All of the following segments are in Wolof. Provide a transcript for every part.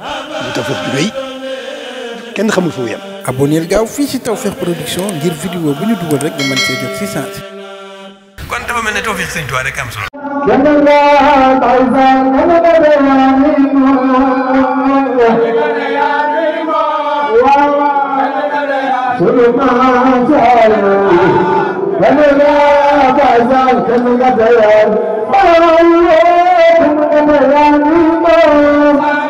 muy Tawfekh ju rëy kenn xamul fu mu yem. abonneel gaaw fii ci Tawfekh Production ngir vidéo bu ñu dugal rek nga mën see jot si sens. kon dafa mel ne Tawfekh Sëriñ Tuubaa rek am solo. Thank you.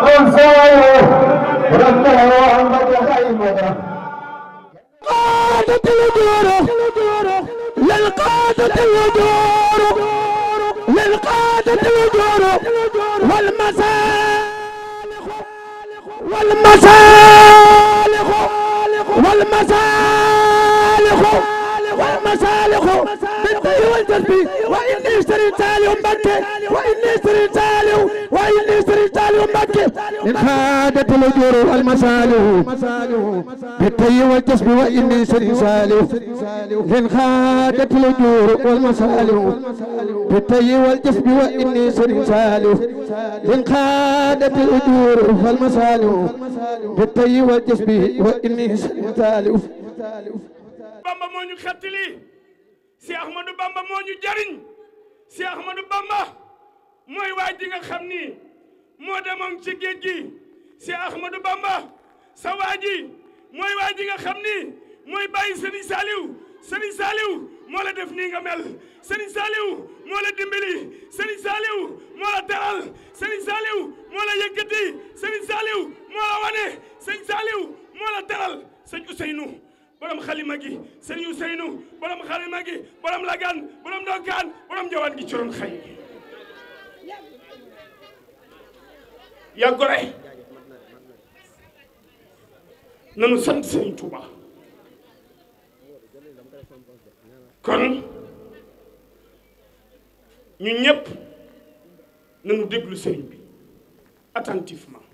القادة الوجور للقادة الوجور للقادة الوجور والمسالخ والمسالخ والمسالخ والمسالخ بالطي والتسبيح وإني اشتريت تالي ومبكي وإني اشتريت تالي وإني اشتريت مكة إن خادت الأجور والمصالح بالطي والجسم وإني سنسالح إن خادت الأجور والمصالح بالطي والجسم وإني سنسالح إن خادت الأجور والمصالح بالطي والجسم وإني سنسالح bamba moo ñu xettali si Ahmadou Bamba moo ñu jariñ si Ahmadou Bamba mooy waay ji nga xam ni moo demoon ci géej gi si Ahmadou Bamba sa waa ji mooy waa ji nga xam ni mooy bàyyi Serigne Saliou Serigne Saliou moo la def nii nga mel Serigne Saliou moo la dimbali Serigne Saliou moo la teral Serigne Saliou moo la yëkkati Serigne Saliou moo la wane Serigne Saliou moo la teral sëñ Ousseynou borom xalima gi sëñ Ousseynou borom xalima gi borom lagan borom ndokkaan borom jawaan gi coroon xay yaa gore nanu sant Sëriñ Tuuba kon ñu ñëpp nanu déglu sëriñ bi attentivement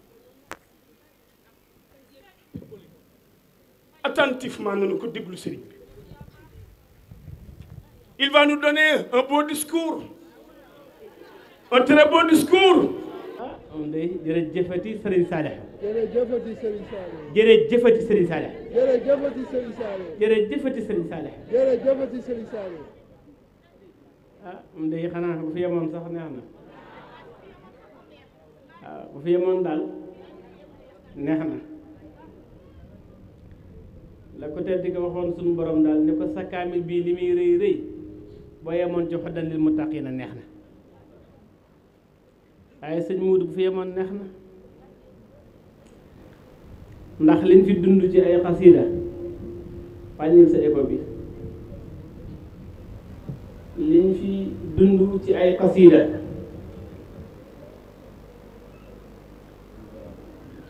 attentivement nanu ko déglu sëriñ bi il va nous donner un beau discours un très discours moom day jërëjëfati Serigne Saliou. jërëjëfati Serigne Saliou. jërëjëfati Serigne Saliou. jërëjëfati Serigne Saliou. jërëjëfati Serigne Saliou. jërëjëfati Serigne Saliou. ah moom day xanaa bu fi yemoon sax neex na ah, bu fi yemoon daal neex na la ko tedd ko waxoon suñu borom daal ni ko sa kaamil bii li muy rëy rëy boo yemoon ci xoddan lil muttaqiina neex na. waaye sëñ Muudu bu fi yemoon neex na ndax liñ fi dund ci ay xasiida wàññil sa éco bi liñ fi dund ci ay xasiida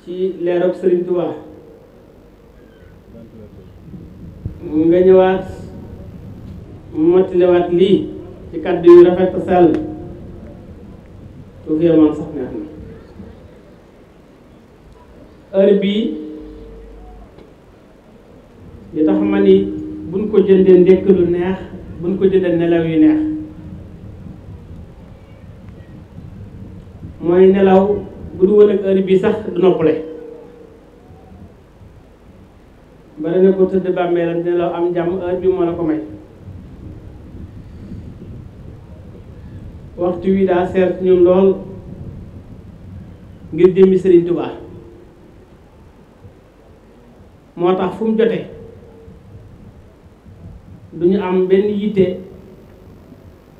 ci leeroog Sëriñ Tuubaa nga ñëwaat mottaliwaat lii ci kàddu yu rafet sell lu koy man sax neex na heure bii li tax ma ni buñ ko jëndee ndekk lu neex buñ ko jëndee nelaw yu neex mooy nelaw bu du woon ak heure bii sax du noppale bari na ko tëdd bàmmeelam nelaw am jàmm heure bi moo la ko may waxtu wi daa seet ñun lool ngir jëmmi sëriñ Tuubaa moo tax fu mu du ñu am benn yitte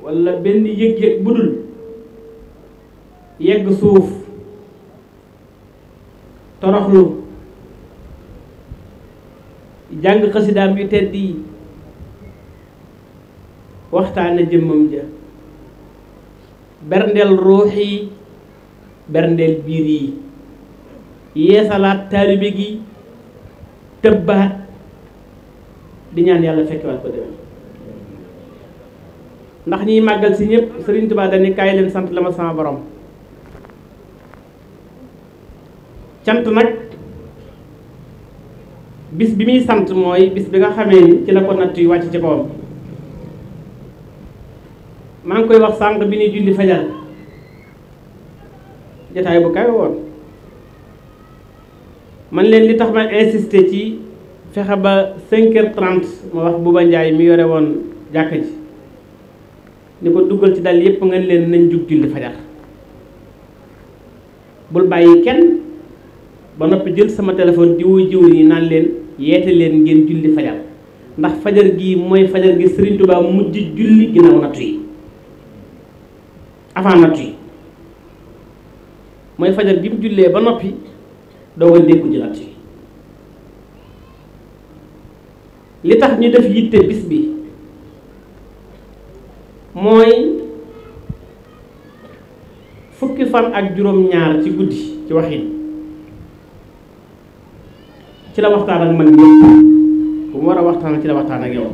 walla benn yëg-yëg bu dul yegg suuf toroxlu jàng xasidaam yu tedd yi waxtaane jëmmam ja berndeel ruux yi berndeel biir yi yeesalaat taalibe gi tëbbaat di ñaan yàlla fekkewaat ko déwén ndax ñiy màggal si ñëpp Sëriñ Tuubaa dañu leen sant la ma sama boroom cant nag bis bi muy sant mooy bis bi nga xamee ni ci la ko natt yu wàcc ci kawam maa ngi koy wax sànq bi ñuy julli fajar jataay bu kawe woon man leen li tax ma insister ci fexe ba 5 heures 30 ma wax Bouba Ndiaye mi yore woon jàkka ji ni ko duggal ci dal yépp ngeen leen nañ jug julli fajar bul bàyyi kenn ba noppi jël sama téléphone jiwu jiwu yi naan leen yeete leen ngir julli fajar ndax fajar gi mooy fajar gi Serigne Touba mujj julli ginnaaw nattu yi avant yi mooy fajar bi mu jullee ba noppi doo nga dékku ji li tax ñu def yitte bis bi mooy fukki fan ak juróom-ñaar ci guddi ci waxin ci la waxtaan ak man ñëpp bu mu war a waxtaan ci la waxtaan ak yow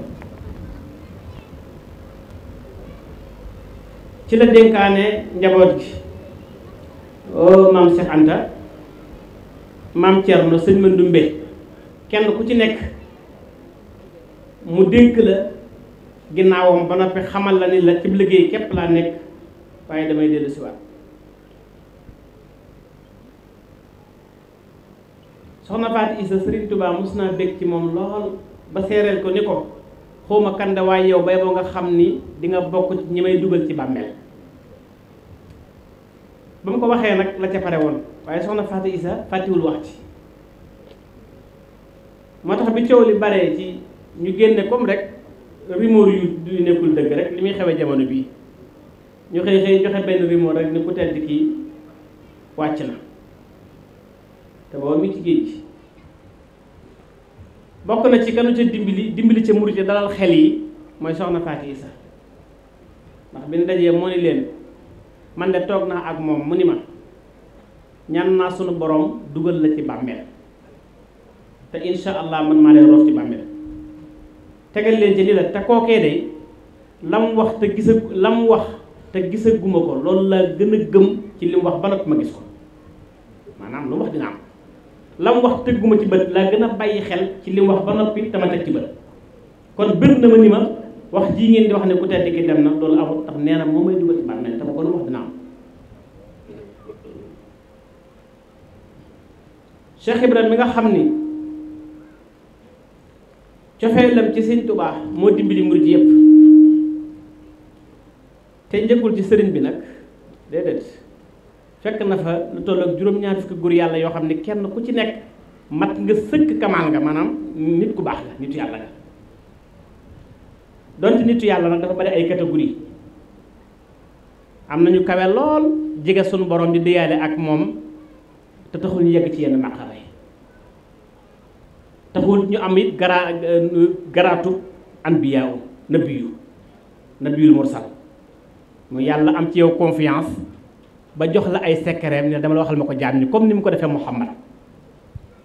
ci la dénkaane njaboot gi o oh, maam Cheikh Anta maam Thierno sëñ Mandoumbe kenn ku ci nekk mu dénk la ginnaawam ba noppi xamal la ni la ci liggéey képp laa nekk waaye damay dellu si waat soxna Faat Isa Sëriñ Tuubaa mos naa bég ci moom lool ba seereel ko ni ko xawma kan waaye yow ba boo nga xam ni dinga bokk ci ñi may dugal ci bàmmeel ba mu ko waxee nag la ca pare woon waaye soxna Fatou Issa fàttiwul wax ci moo tax bi coow li baree ci ñu génne comme rek rumeur yu du nekkul dëgg rek li muy xewee jamono bii ñu xëy xëy joxe benn rumeur rek ni ku tedd kii wàcc na te booba mi ci géej gi bokk na ci kanu ca dimbali dimbali ca murit dalal xel yi mooy soxna Fatou Issa ndax bi ñu dajee moo ni leen man de toog naa ak moom mu ni ma ñaan naa sunu boroom dugal la ci bàmmeel te insha allah man maa leen roof ci bàmmeel tegal leen la te kookee day lam wax te la mu wax te gisaguma ko loolu laa gën a gëm ci li mu wax ba noppi ma gis ko maanaam lu wax dina am lam wax tëgguma ci bët laa gën a bàyyi xel ci li mu wax ba noppi te ma ci bët kon bët na ma ni ma wax jii ngeen di wax ne ku tedd ki dem na loolu amul tax nee na moo may dugal ci bàmmeel te ma ko wax dina am Cheikh mi nga xam ni cofeelam ci sëñ tubaax moo dimbali murid yépp te njëkkul ci sëriñ bi nag déedéet fekk na fa lu toll ak juróom-ñaar fukki góor yàlla yoo xam ne kenn ku ci nekk mat nga sëkk kamaal nga maanaam nit ku baax la nitu yàlla nga dont nit yàlla nag dafa bari ay catégorie am nañu kawe lool jege sunu borom di déyaale ak moom te taxul yegg ci yenn màqara yi taxul ñu am it garaa euh, garaatu anbiyaaw nabiyu nabiyul mursal mu yàlla am ci yow confiance ba jox la ay sekkereem ne dama la waxal ma ko jaam ni comme ni mu ko defee muhammad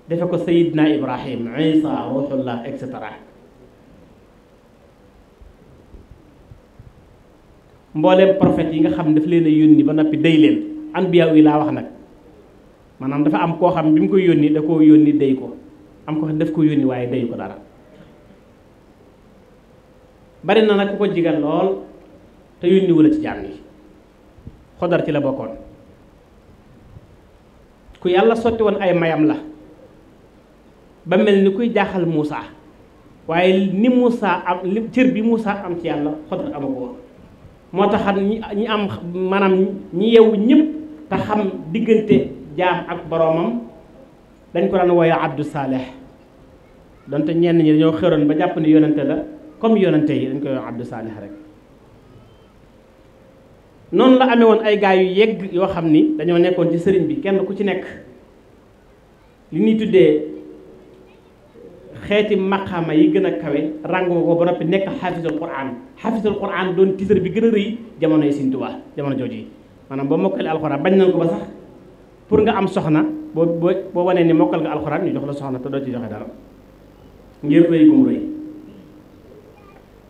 defe ko sayidna ibrahim isa ruhullah et mbooleem prophète yi nga xam daf leen a yónni ba noppi day leen anbiya yi laa wax nag maanaam dafa am koo xam bi mu koy yónni da koo yónni day ko am ko xam daf ko yónni waaye day ko dara bari na nag ku ko jigal lool te yónni la ci jaam yi xodar ci la bokkoon ku yàlla sotti woon ay mayam la ba mel ni kuy jaaxal Muusa waaye ni Muusa am li cër bi Muusa am ci yàlla xodar ama moo taxan ñi am maanaam ñi yeewu ñépp te xam diggante jaam ak boroomam dañ ko daan woya àddu saaleh doonte ñenn ñi dañoo xëroon ba jàpp ne yonente la comme yonente yi dañ koy wooye abdu saaleh rek noonu la amewoon ay gaa yu yegg yoo xam ni dañoo nekkoon ci sëriñ bi kenn ku ci nekk li ñuy tuddee xeeti maqaama yi gën a kawe ràngoo ko ba noppi nekk xaafisul quraan xaafisul quraan doon tiisar bi gën a rëy jamono yi Sëriñ Tuubaa jamono jooju yi maanaam boo mokkale alxuraan bañ nañ ko ba sax pour nga am soxna boo boo boo ne ni mokkal nga alxuraan ñu jox la soxna te doo ci joxe dara ngir rëy bu mu rëy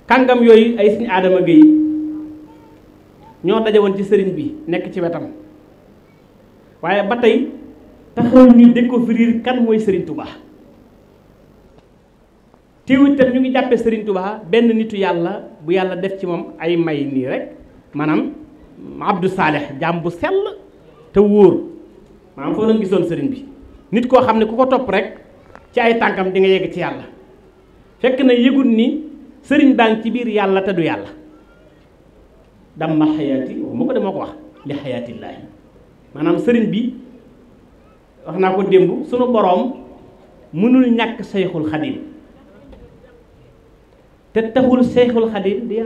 kàngam yooyu ay Sëriñ Aadama Géy ñoo daje woon ci sëriñ bi nekk ci wetam waaye ba tey taxaw ñu dégg ko firiir kan mooy Sëriñ Tuubaa teewul tam ñu ngi jàppee Serigne Touba benn nitu yàlla bu yàlla def ci moom ay may nii rek maanaam Abdou Saleh jàmm bu sell te wóor maanaam foo leen gisoon Serigne bi nit koo xam ne ku ko topp rek ci ay tànkam di nga yegg ci yàlla fekk na yëgut ni sëriñ baa ci biir yàlla te du yàlla damma xayaati mu ko dama ko wax li xayaatillaahi maanaam Serigne bi wax naa ko démb sunu boroom mënul ñàkk sayxul xadim te taxul seexul xadim bi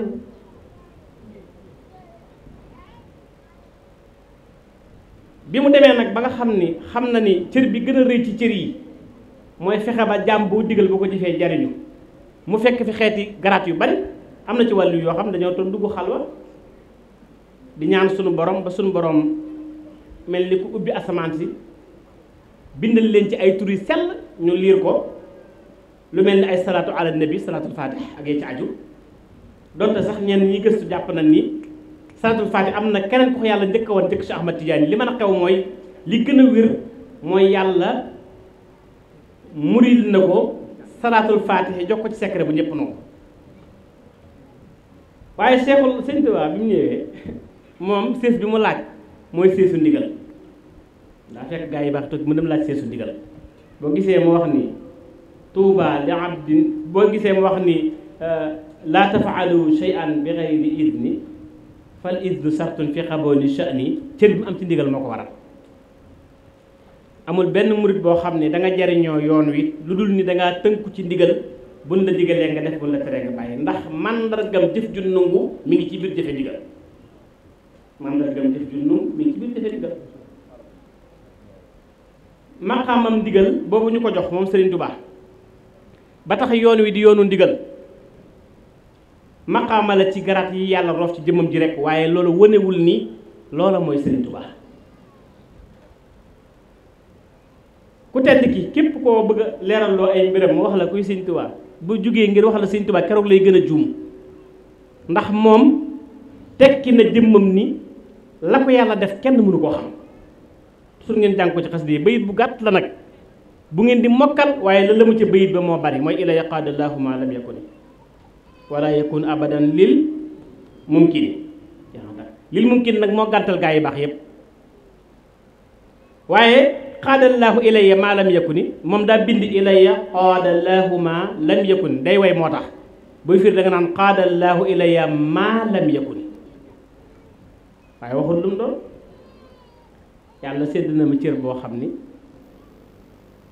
mu demee nag ba nga xam ni xam na ni cër bi gën a rëy ci cër yi mooy fexe ba jàmm boo digal boo ko jëfee jariñu mu fekk fi xeeti garaat yu bari am na ci wàllu yoo xam dañoo doon dugg xalwa di ñaan sunu borom ba sunu borom mel ni ku ubbi asamaan si bindal leen ci ay tur yu sell ñu liir ko lu mel ni ay salaatu ala nabi salaatul fatih ak yee ci aju donte sax ñenn ñi gëstu jàpp na ni salaatul fatih am na keneen ko yàlla njëkk a woon li mën a xew mooy li gën a wér yàlla muril na ko salaatul fatih jox ci secret bu ñëpp noonu waaye Cheikhul Sëñ Tuubaa bi mu ñëwee moom sées bi mu laaj mooy séesu ndigal daa fekk gaa yi baax toog mu dem laaj séesu ndigal boo gisee mu wax nii tuuba li abdin boo gisee mu wax ni euh, laa tafaalu shay'an bi it idni fal idnu sartun fi xabooli sha'ni cër bi mu am ci ndigal moo ko waral amul benn murit boo xam ne danga jariñoo yoon wi lu dul ni da tënku ci ndigal buñ la digalee nga def buñ la teree nga bàyyi ndax màndargam jëf ju nangu mi ngi ci biir jëfe ndigal màndargam jëf ju boobu ñu ko jox moom Serigne Touba. ba tax yoon wi di yoonu ndigal maqaama ci garaat yi yàlla roof ci jëmmam ji rek waaye loolu wonewul ni loola mooy Sëriñ Tuubaa ku tedd ki képp koo bëgg a loo ay mbiram mu wax la kuy Sëriñ Tuubaa bu jugee ngir wax la Sëriñ Tuubaa keroog lay gën a juum ndax moom tekki na jëmmam ni la ko yàlla def kenn mënu koo xam su ngeen jàng ko ci xas dee bayit bu gàtt la nag bu ngeen di mokkal waaye la la mu ca bayit ba moo bari mooy ila yaqaadallahu ma lam yakun wala yakun abadan lil mumkin lil mumkin nag moo gàntal gaa yi baax yépp waaye xaadallaahu ilayya maa lam yakuni moom daa bind ilayya xaadallaahu maa lam yakuni day way moo tax buy fiir da nga naan xaadallaahu ilayya maa lam yakuni waaye waxul lu doon yàlla sédd na ma cër boo xam ni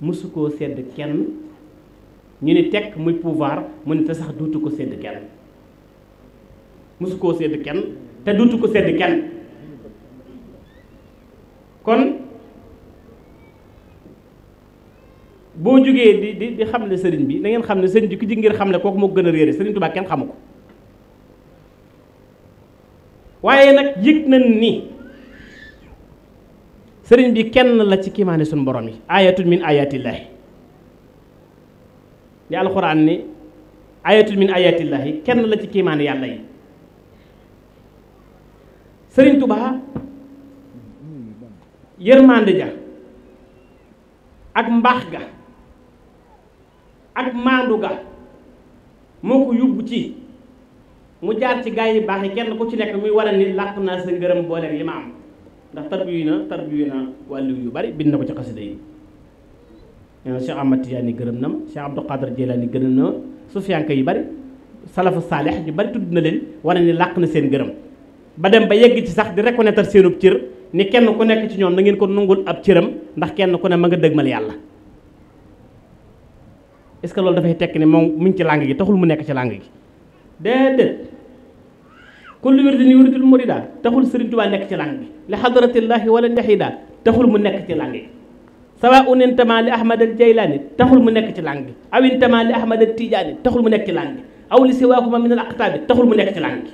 mësu koo sedd kenn ñu ni tekk muy pouvoir mu ni te sax duutu ko sedd kenn mësu koo sedd kenn te duutu ko sedd kenn kon boo jógee di di xam ne sëriñ bi na ngeen xam ne sëriñ bi ku jig ngir xam ne kooku moo gën a réere sëriñ Tuubaa kenn xamu ko waaye nag yëg nañ ni sëriñ bi kenn la ci kiimaane suñu borom yi ayatun min ayatillahi li alxuraan ni ayatun min kenn la ci kiimaane yàlla yi sëriñ tubaa yërmande ja ak mbaax ga ak maandu ga moo ko yóbbu ci mu jaar ci gaa yi baax yi kenn ku ci nekk muy wane ni làq naa sa ngërëm boolem yi ma am ndax tarbiyu na tarbiyu na wàllu yu bari bind na ko ci xasida yi nee na Cheikh Ahmad Tidiane gërëm na ma Cheikh Abdou Qadir Jilani gërëm na ma sufiyanka yu bari salafu saalix yu bari tudd na leen wane ni làq na seen gërëm ba dem ba yegg ci sax di reconnaître seenub cër ni kenn ku nekk ci ñoom na ngeen ko nungul ab cëram ndax kenn ku ne ma nga dëgmal yàlla est-ce que loolu dafay tekki ni moom mu ci làng gi taxul mu nekk ci làng gi déedéet kullu wirdin yuridul murida taxul Sëriñ Tuubaa nekk ci làng gi li xadratillahi wala njaxidaa taxul mu nekk ci làng yi sawa un intama li ahmad al jaylaani taxul mu nekk ci làng gi aw intama li ahmad al tijaani taxul mu nekk ci làng gi aw li siwaakuma min al aqtaabi taxul mu nekk ci làng gi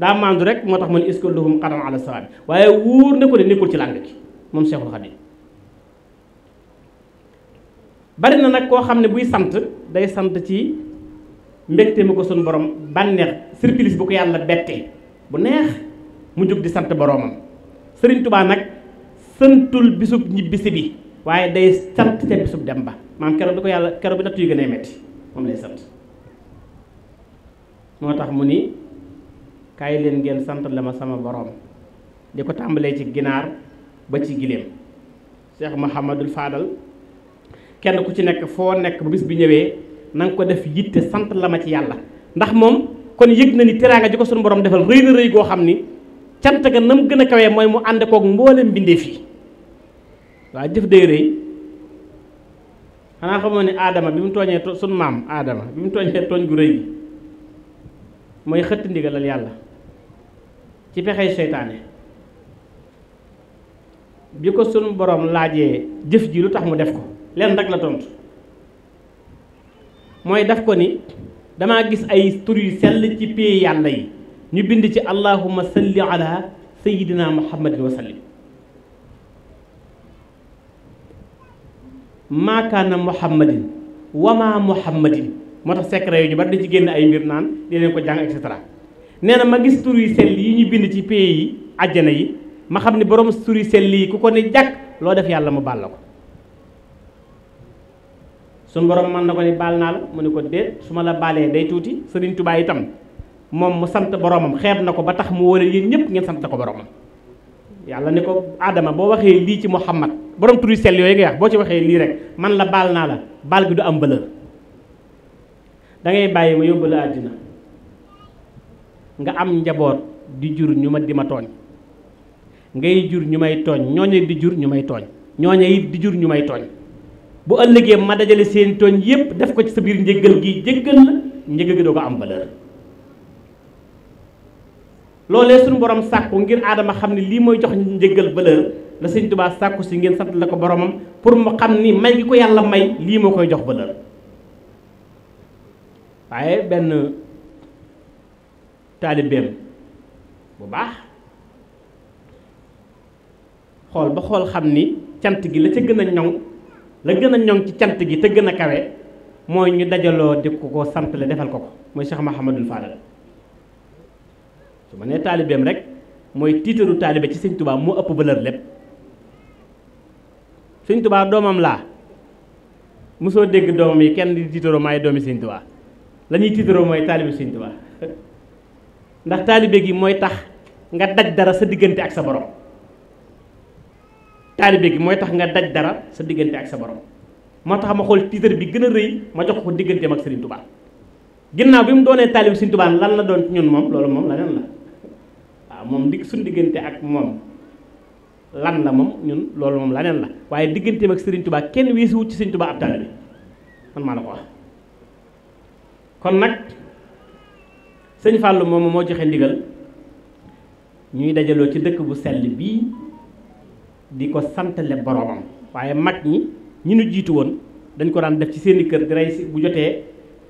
daa maandu rek moo tax mu ne is kulluhum qaran ala sawabi waaye wóor na ko ne nekkul ci làng gi moom Seexul Xadiim bari na nag koo xam ne buy sant day sant ci mbégte mu ko suñu borom bànneex surprise bu ko yàlla bettee mu jóg di sant boroomam sëriñ tubaa nag santul bisub ñibbisi bi waaye day sant ca bisub dem ba maam kero bi ko yàlla kero bi nattu yu gën a metti moom lay sant tax mu ni kaay leen ngeen sant la ma sama boroom di ko tàmbalee ci ginaar ba ci giléem Cheikh Mouhamadul Fadal kenn ku ci nekk foo nekk bu bis bi ñëwee na nga ko def yitte sant la ma ci yàlla ndax moom kon yëg na ni teraanga ji ko sunu borom defal rëy na rëy goo xam ni cant ga nam gën a kawee mooy mu ànd koog mboolem mbindeef yi waa jëf day rëy xanaa xamoon ne aadama bi mu tooñee sunu maam aadama bi mu tooñee tooñ gu rëy mooy xëtt ndigalal yàlla ci pexey seytaane bi ko sunu borom laajee jëf ji lu tax mu def ko leen rek la tontu mooy daf ko ni damaa gis ay tur yu sell ci pay yàlla yi ñu bind ci allahumma salli ala sayyidina muhammadin wa sallim maakaana muhammadin wama muhammadin moo tax secret yu ñu bari dañ ci génn ay mbir naan di leen ko jàng et cetera nee na ma gis tur yu yi ñu bind ci pays yi àjjana yi ma xam ne boroom tur yu sell yi ku ko ne jàkk loo def yàlla mu baal la ko suñu borom mën na ko ne baal naa la mu ne ko déet su ma la baalee day tuuti Sëriñ Tuubaa itam moom mu sant boromam xeeb na ko ba tax mu wóole yéen ñëpp ngeen sant ko boromam yàlla ni ko aadama boo waxee lii ci muhammad borom turi sell yooyu ngay wax boo ci waxee lii rek man la baal naa la baal gi du am valeur dangay ngay bàyyi ma yóbbu la àddina nga am njaboot di jur ñu ma di ma tooñ ngay jur ñu may tooñ ñooñe di jur ñu may tooñ ñooñe it di jur ñu may tooñ bu ëllëgee ma dajale seen tooñ yépp def ko ci sa biir njëggal gi jëggal la njëggal doo ko am loolee suñu borom sàkku ngir aadama xam ne lii mooy jox njëggal valeur la sëñ Tuubaa sàkku si ngeen sant la ko boromam pour mu xam ni may gi ko yàlla may lii moo koy jox valeur waaye benn taalibeem bu baax xool ba xool xam ni cant gi la ca gën a ñoŋ la gën a ñoŋ ci cant gi te gën a kawe mooy ñu dajaloo di ko ko sant la defal ko ko mooy Cheikh Mahamadul Fadal su ma nee taalibeem rek mooy tiitaru taalibe ci sëñ tubaa moo ëpp valeur lépp sëñ tubaa doomam laa mosoo dégg doomam yi kenn di tiitaroo maay doomi sëñ tubaa lañuy ñuy tiitaroo mooy taalibe sëñ tubaa ndax taalibe gi mooy tax nga daj dara sa diggante ak sa borom taalibe gi mooy tax nga daj dara sa diggante ak sa borom moo tax ma xool tiitar bi gën a rëy ma jox ko digganteem ak sëriñ tubaa ginnaaw bi mu doonee taalibe sëñ tubaa lan la doon ñun moom loolu moom leneen waaw moom dig suñ diggante ak moom lan la moom ñun loolu moom laneen la waaye digganteem ak Serigne Touba kenn weesuwut ci Serigne Touba ab taalibe man maa la ko wax kon nag sëñ Fallou moom moo joxe ndigal ñuy dajaloo ci dëkk bu sell bii di ko santale boroomam waaye mag ñi ñu nu jiitu woon dañ ko daan def ci seeni kër di rey bu jotee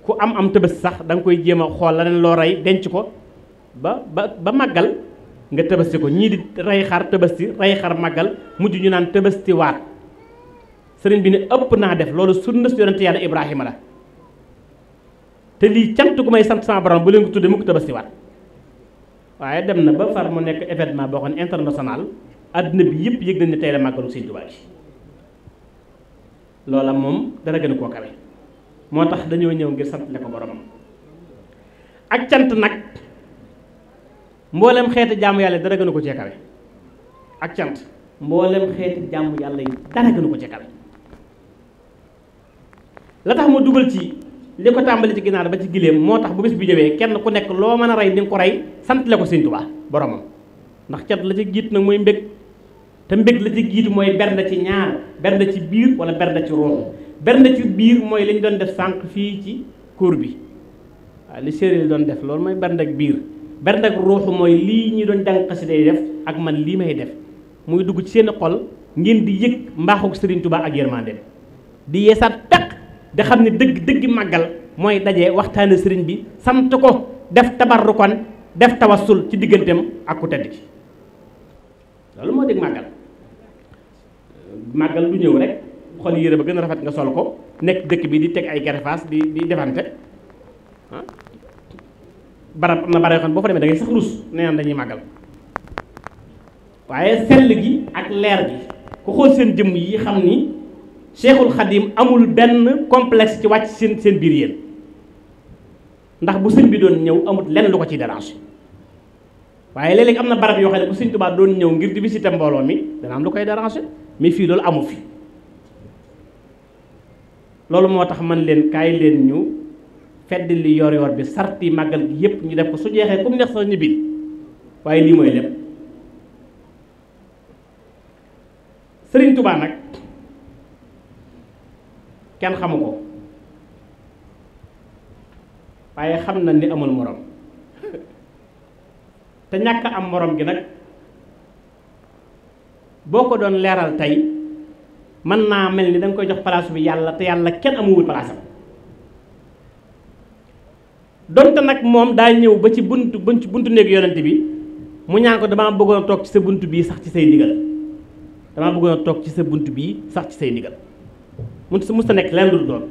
ku am am tëbës sax da koy jéem a xool laneen loo rey denc ko ba ba ba maggal nga tabaski ko ñii di rey xar tabaski rey xar màggal mujj ñu naan tabaski waat sëriñ bi ne ëpp naa def loolu sunna su yonente yàlla Ibrahima la te lii cant gu may sant sama borom bu leen ko tuddee mu ko tabaski waat waaye dem na ba far mu nekk événement boo xam ne international adduna bi yëpp yëg nañ ne tey la màggalu Sëriñ Tuubaa loola moom dara gën koo kawe moo tax dañoo ñëw ngir sant le ko boromam ak cant nag mboolem xeeti jàmm yàlla dara gënu ko cee kawe ak cant mboolem xeeti jàmm yàlla yi dara gënu ko cee kawe la tax ma dugal ci li ko tàmbali ci ginaar ba ci gileem moo tax bu bis bi ñëwee kenn ku nekk loo mën a rey ni nga ko rey sant la ko sëñ Tuubaa boromam ndax cant la ci jiit nag mooy mbég te mbég la ci giitu mooy bernde ci ñaar bernde ci biir wala bernde ci ruux bernde ci biir mooy lañu doon def sànq fii ci cour bi waaw li séeréer doon def loolu mooy bernde biir bernde ak ruuxu mooy lii ñi doon jàng xasida day def ak man lii may def muy dugg ci seen xol ngeen di yëg mbaaxu sëriñ tubaab ak yërmande di yeesaat taq da xam ne dëgg dëgg màggal mooy daje waxtaane sëriñ bi sant ko def tabarrukan def tawassul ci digganteem ak ku tedd ki loolu moo dégg màggal màggal du ñëw rek xol yére ba gën a rafet nga sol ko nekk dëkk bi di teg ay gerefaas di di defante ah? barab am na barab yoo xam boo fa demee da ngay sax rus nee naan dañuy màggal waaye sell gi ak leer gi ku xool seen jëmm yi xam ni Cheikhul Khadim amul benn complexe ci wàcc seen seen biir yéen ndax bu sëñ bi doon ñëw amut lenn lu ko ciy dérange waaye léeg am na barab yoo xam ne bu sëñ Tuubaa doon ñëw ngir di visiter mbooloo mi dana am lu koy dérange mais fii loolu amu fi loolu moo tax man leen kaay leen ñu fedd li yor yor bi sarti màggal gi yépp ñu def ko su jeexee ku mu neex sa ñibbi waaye lii mooy lépp sëriñ tubaa nag kenn xamu ko waaye xam na ni amul morom te ñàkk am moroom gi nag boo ko doon leeral tey mën naa mel ni danga koy jox palaas bi yàlla te yàlla kenn amuwul place am donte nag moom daa ñëw ba ci buntu ba ci buntu néeg yonent bi mu ñaan ko damaa bëggoon a toog ci sa bunt bii sax ci say ndigal damaa bëggoon a toog ci sa bunt bii sax ci say ndigal mu mu sa nekk leen dul doon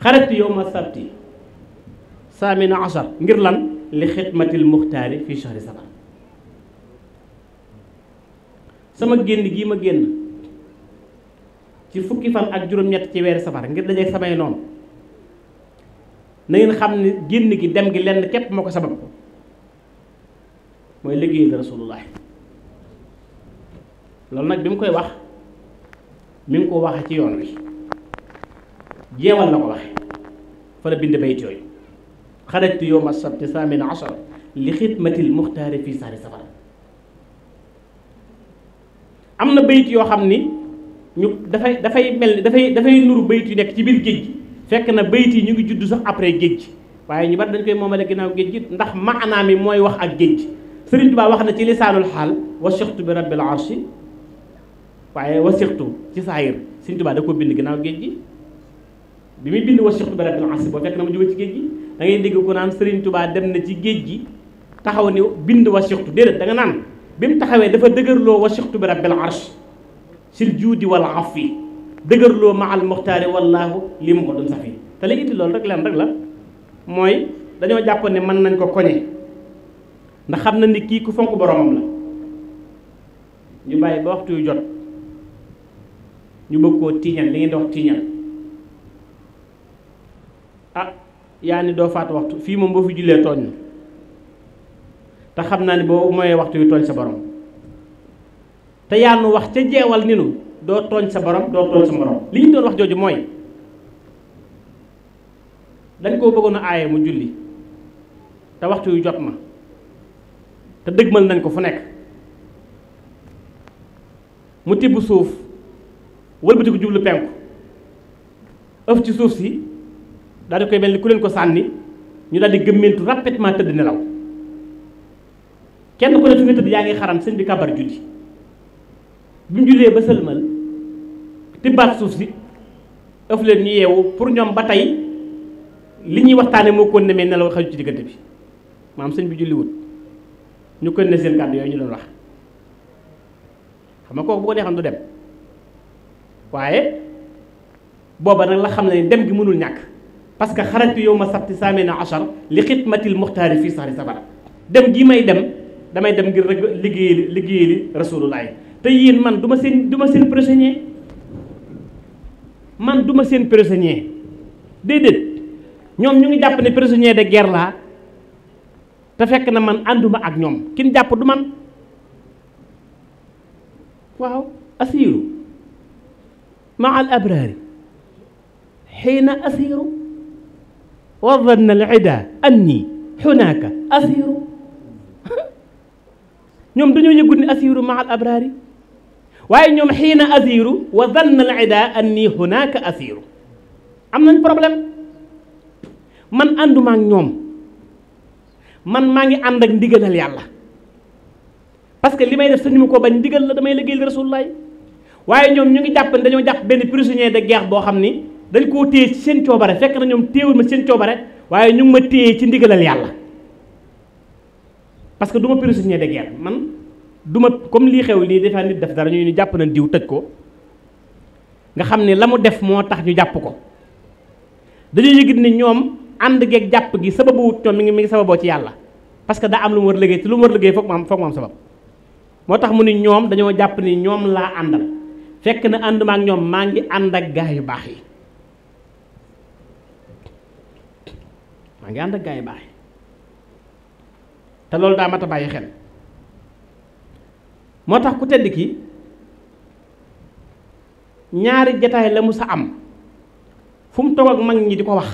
xaratu yow ma sabti saamina achar ngir lan li xidmatil muxtaari fii chahri safar sama génn gii ma génn ci fukki fan ak juróom-ñett ci weeri safar ngir dajeeg samay noonu na ngeen xam ne génn gi dem gi lenn képp moo ko sabab mooy liggéey liggéeyal rasulullah loolu nag bi mu koy wax mi ngi ko waxe ci yoon wi jeewal la ko waxe fa la bind bayt yooyu xarajtu yowma sabti saamina ashar li xidmatil muxtaari fii sahri safar am na bayt yoo xam ni ñu dafay dafay mel ni dafay dafay luru bayt yu nekk ci biir géej gi fekk na bayit yi ñu ngi judd sax après géej gi waaye ñu bari dañ koy moomale ginnaaw géej gi ndax maanaam yi mooy wax ak géej gi Sëriñ Tuubaa wax na ci lisaanul xaal wasixtu bi rabbil arshi waaye wasixtu ci saayir Sëriñ Tuubaa da ko bind ginnaaw géej gi bi muy bind wasixtu bi rabbil arshi boo fekk na mu jóge ci géej gi da ngay dégg ku naan Sëriñ tubaa dem na ci géej gi taxaw ni bind wasixtu déedéet da nga naan bi mu taxawee dafa dëgërloo wasixtu bi rabbil arshi sil juudi wal afi dëgërloo ma al muxtaari wallaahu lii ma ko doon safi te li itti loolu rek lan rek la mooy dañoo jàpp ne mën nañ ko koñe ndax xam na ni kii ku fonk boromam la ñu bàyyi ba waxtu yu jot ñu bëgg koo tiiñal li ngeen di wax tiiñal ah yaa ni doo faat waxtu fii moom boo fi jullee tooñ na te xam naa ni boo mooyee waxtu yu tooñ sa borom te yaa nu wax ca jeewal ni nu doo tooñ sa borom doo tooñ sa morom li ñu doon wax jooju mooy dañ koo bëggoon a aaye mu julli te waxtu yu jot ma te dëgmal nañ ko fu nekk mu tibb suuf wëlbati ko jublu penku ëf ci suuf si daal koy mel ni ku leen ko sànni ñu daal di gëmmentu rapidement tëdd nelaw kenn ko ne fi tëdd yaa ngi xaram sëñ bi kabar julli bi mu jullee ba sëlmal tibbaat suuf si ëf leen ñu yeewu pour ñoom ba tey li ñuy waxtaanee moo kon nemee nelaw xaju ci diggante bi maam sëñ bi julliwut ñu ko ne seen kàddu yooyu ñu doon wax xam nga kooku bu ko neexoon du dem waaye booba nag la xam ne dem gi mënul ñàkk parce que bi yow ma sabti saamina achar li xidmatil muxtaari fii saxri sabara dem gi may dem damay dem ngir rek liggéeyali liggéeyali rasulullahi te yéen man du seen du seen prisonnier man du ma seen prisonnier déedéet ñoom ñu ngi jàpp ne prisonnier de guerre laa te fekk na man ànduma ak ñoom kin jàpp du man waaw asiiru maa al abraari xiina asiiru wa danna al ida anni xunaaka asiiru ñoom dañoo yëgul ne asiiru maa al abraari waaye ñoom xiina asiiru wa zanna al ida anni hunaka asiiru am nañ problème man ànduma ak ñoom man maa ngi ànd ak ndigalal yàlla parce que li may def sañu ma ko bañ ndigal la damay liggéeyal rasulullah waaye ñoom ñu ngi jàpp ne dañoo jàpp benn prisonnier de guerre boo xam ni dañ koo téye ci seen coobare fekk na ñoom téewul ma seen coobare waaye ñu ngi ma téye ci ndigalal yàlla parce que du ma de guerre man du ma comme lii xew lii defaa nit def dara ñu ñu jàpp nañ diw tëj ko nga xam ne la mu def moo tax ñu jàpp ko dañuy yëgit ni ñoom ànd geeg jàpp gi sababu wut ñoom mi ngi mi ngi sababoo ci yàlla parce que daa am lu mu war liggéey te lu mu war liggéey foog mu am foog mu am sabab moo tax mu ni ñoom dañoo jàpp ni ñoom laa àndal fekk na ànd ak ñoom maa ngi ànd ak gaa yu baax yi maa ngi ànd ak gaa yu baax yi te loolu daa mat a bàyyi xel moo tax ku tedd ki ñaari jataay la mu sa am fu mu toog ak mag ñi di ko wax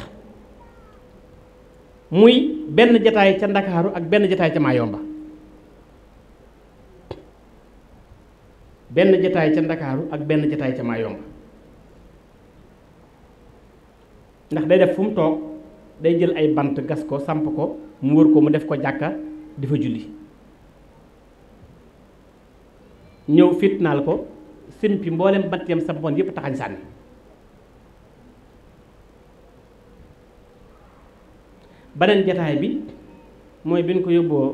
muy benn jataay ca ndakaaru ak benn jataay ca maayomba benn jataay ca ak benn jataay ca ndax day def fu mu toog day jël ay bant gas ko samp ko mu wër ko mu def ko jàkka di fa julli ñëw fitnaal ko simpi mboolem bat yam sampoon yëpp taxañ sànni beneen jataay bi mooy bi ñu ko yóbboo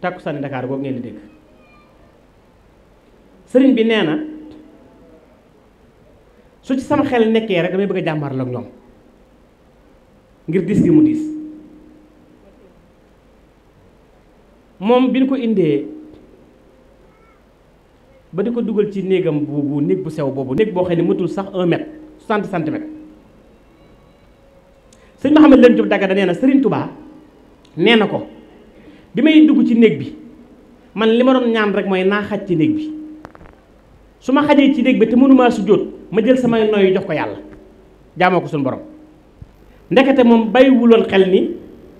tàkku sànni ndakaar boobu ngeen di dégg sëriñ bi nee na su ci sama xel nekkee rek damay bëgg a jàmbaarloo ñoom ngir diis gi mu diis moom bi ñu ko indee ba di ko dugal ci néegam bu bu néeg bu sew boobu néeg boo xam ne matul sax un mètre soixante centimètres sëñ Mouhamed Lamine Diop Dagana nee na Serigne Touba nee na ko bi may dugg ci néeg bi man li ma doon ñaan rek mooy naa xaj ci néeg bi su ma xajee ci néeg bi te mënumaa su jóot ma jël samay noyyi jox ko yàlla jaamoo ko suñu borom ndekete moom bàyyiwuloon xel ni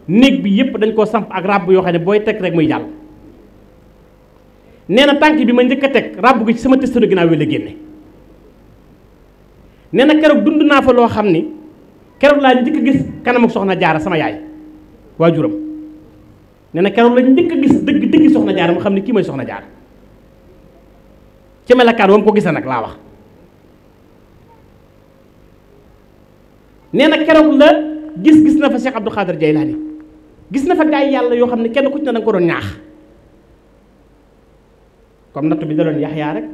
néeg bi yëpp dañ koo samp ak ràbb yoo xam ne booy teg rek muy jàll nee na tànk bi ma njëkk a teg ràbbu gi ci sama testado ginnaaw wi la génne nee na keroog dund naa fa loo xam ni keroog laa njëkk a gis kanam ak soxna jaara sama yaay waajuram nee na keroog la njëkk a gis dëgg dëgg soxna jaara ma xam ne kii mooy soxna jaara ci melakaan wam ko nag laa wax nee na keroog la gis gis na fa Cheikh Abdou Khadir Jaylani gis na fa gaay yàlla yoo xam ne kenn ku ci ne danga ko doon ñaax comme natt bi daloon yaxyaa rek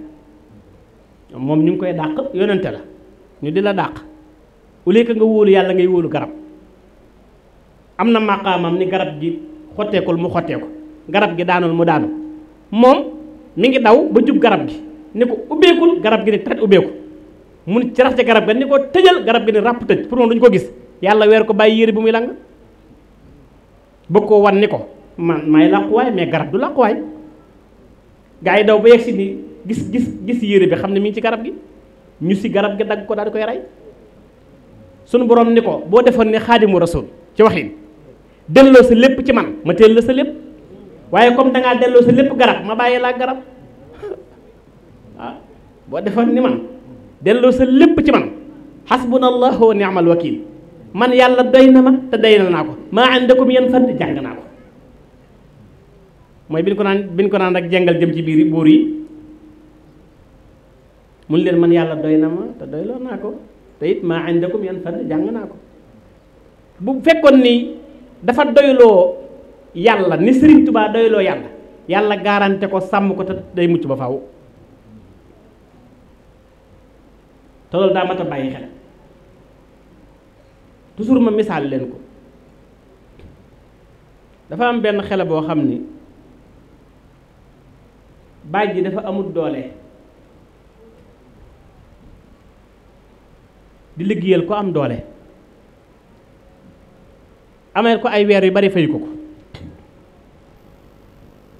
moom ñu ngi koy dàq yonente la ñu di la dàq au nga wóolu yàlla ngay wóolu garab am na màqaamam ni garab gi xotteekul mu xotteeku garab gi daanul mu daanu moom mu ngi daw ba jub garab gi ni ko ubbeekul garab gi ni tëj ubbeeku mun ci rax ci garab ga ni ko tëjal garab gi ni ràpp tëj pour moom duñ ko gis yàlla weer ko bàyyi yére bi muy lang bëgg koo wan ni ko man maay làquwaay mais garab du làquwaay gaa yi daw ba yegg si ni gis gis gis yére bi xam ne mi ngi ci garab gi ñu si garab gi dagg ko daal di koy rey sunu borom ni ko boo defoon ne xaadimu rasul ci waxin delloo sa lépp ci man ma teel la sa lépp waaye comme dangaa delloo sa lépp garab ma bàyyi laa garab ah boo defoon ni man delloo sa lépp ci man xasbunallahu wa ni'mal wakil man yàlla doy na ma te doy na naa ko maa indakum yanfad jàng naa ko mooy bi ñu ko naan bi ñu ko naan rek jàngal jëm ci biir buur yi mun leen man yàlla doy na ma te doy naa ko te it maa indakum yan fan jàng naa ko bu fekkoon nii dafa doyloo yàlla ni Serigne Touba doyloo yàlla yàlla garanté ko sàmm ko te day mucc ba faw te loolu daa mat a bàyyi xel toujours ma misaal leen ko dafa am benn xele boo xam ni. baaj ji dafa amul doole di liggéeyal ko am doole ameel ko ay weer yu bari fay ko ko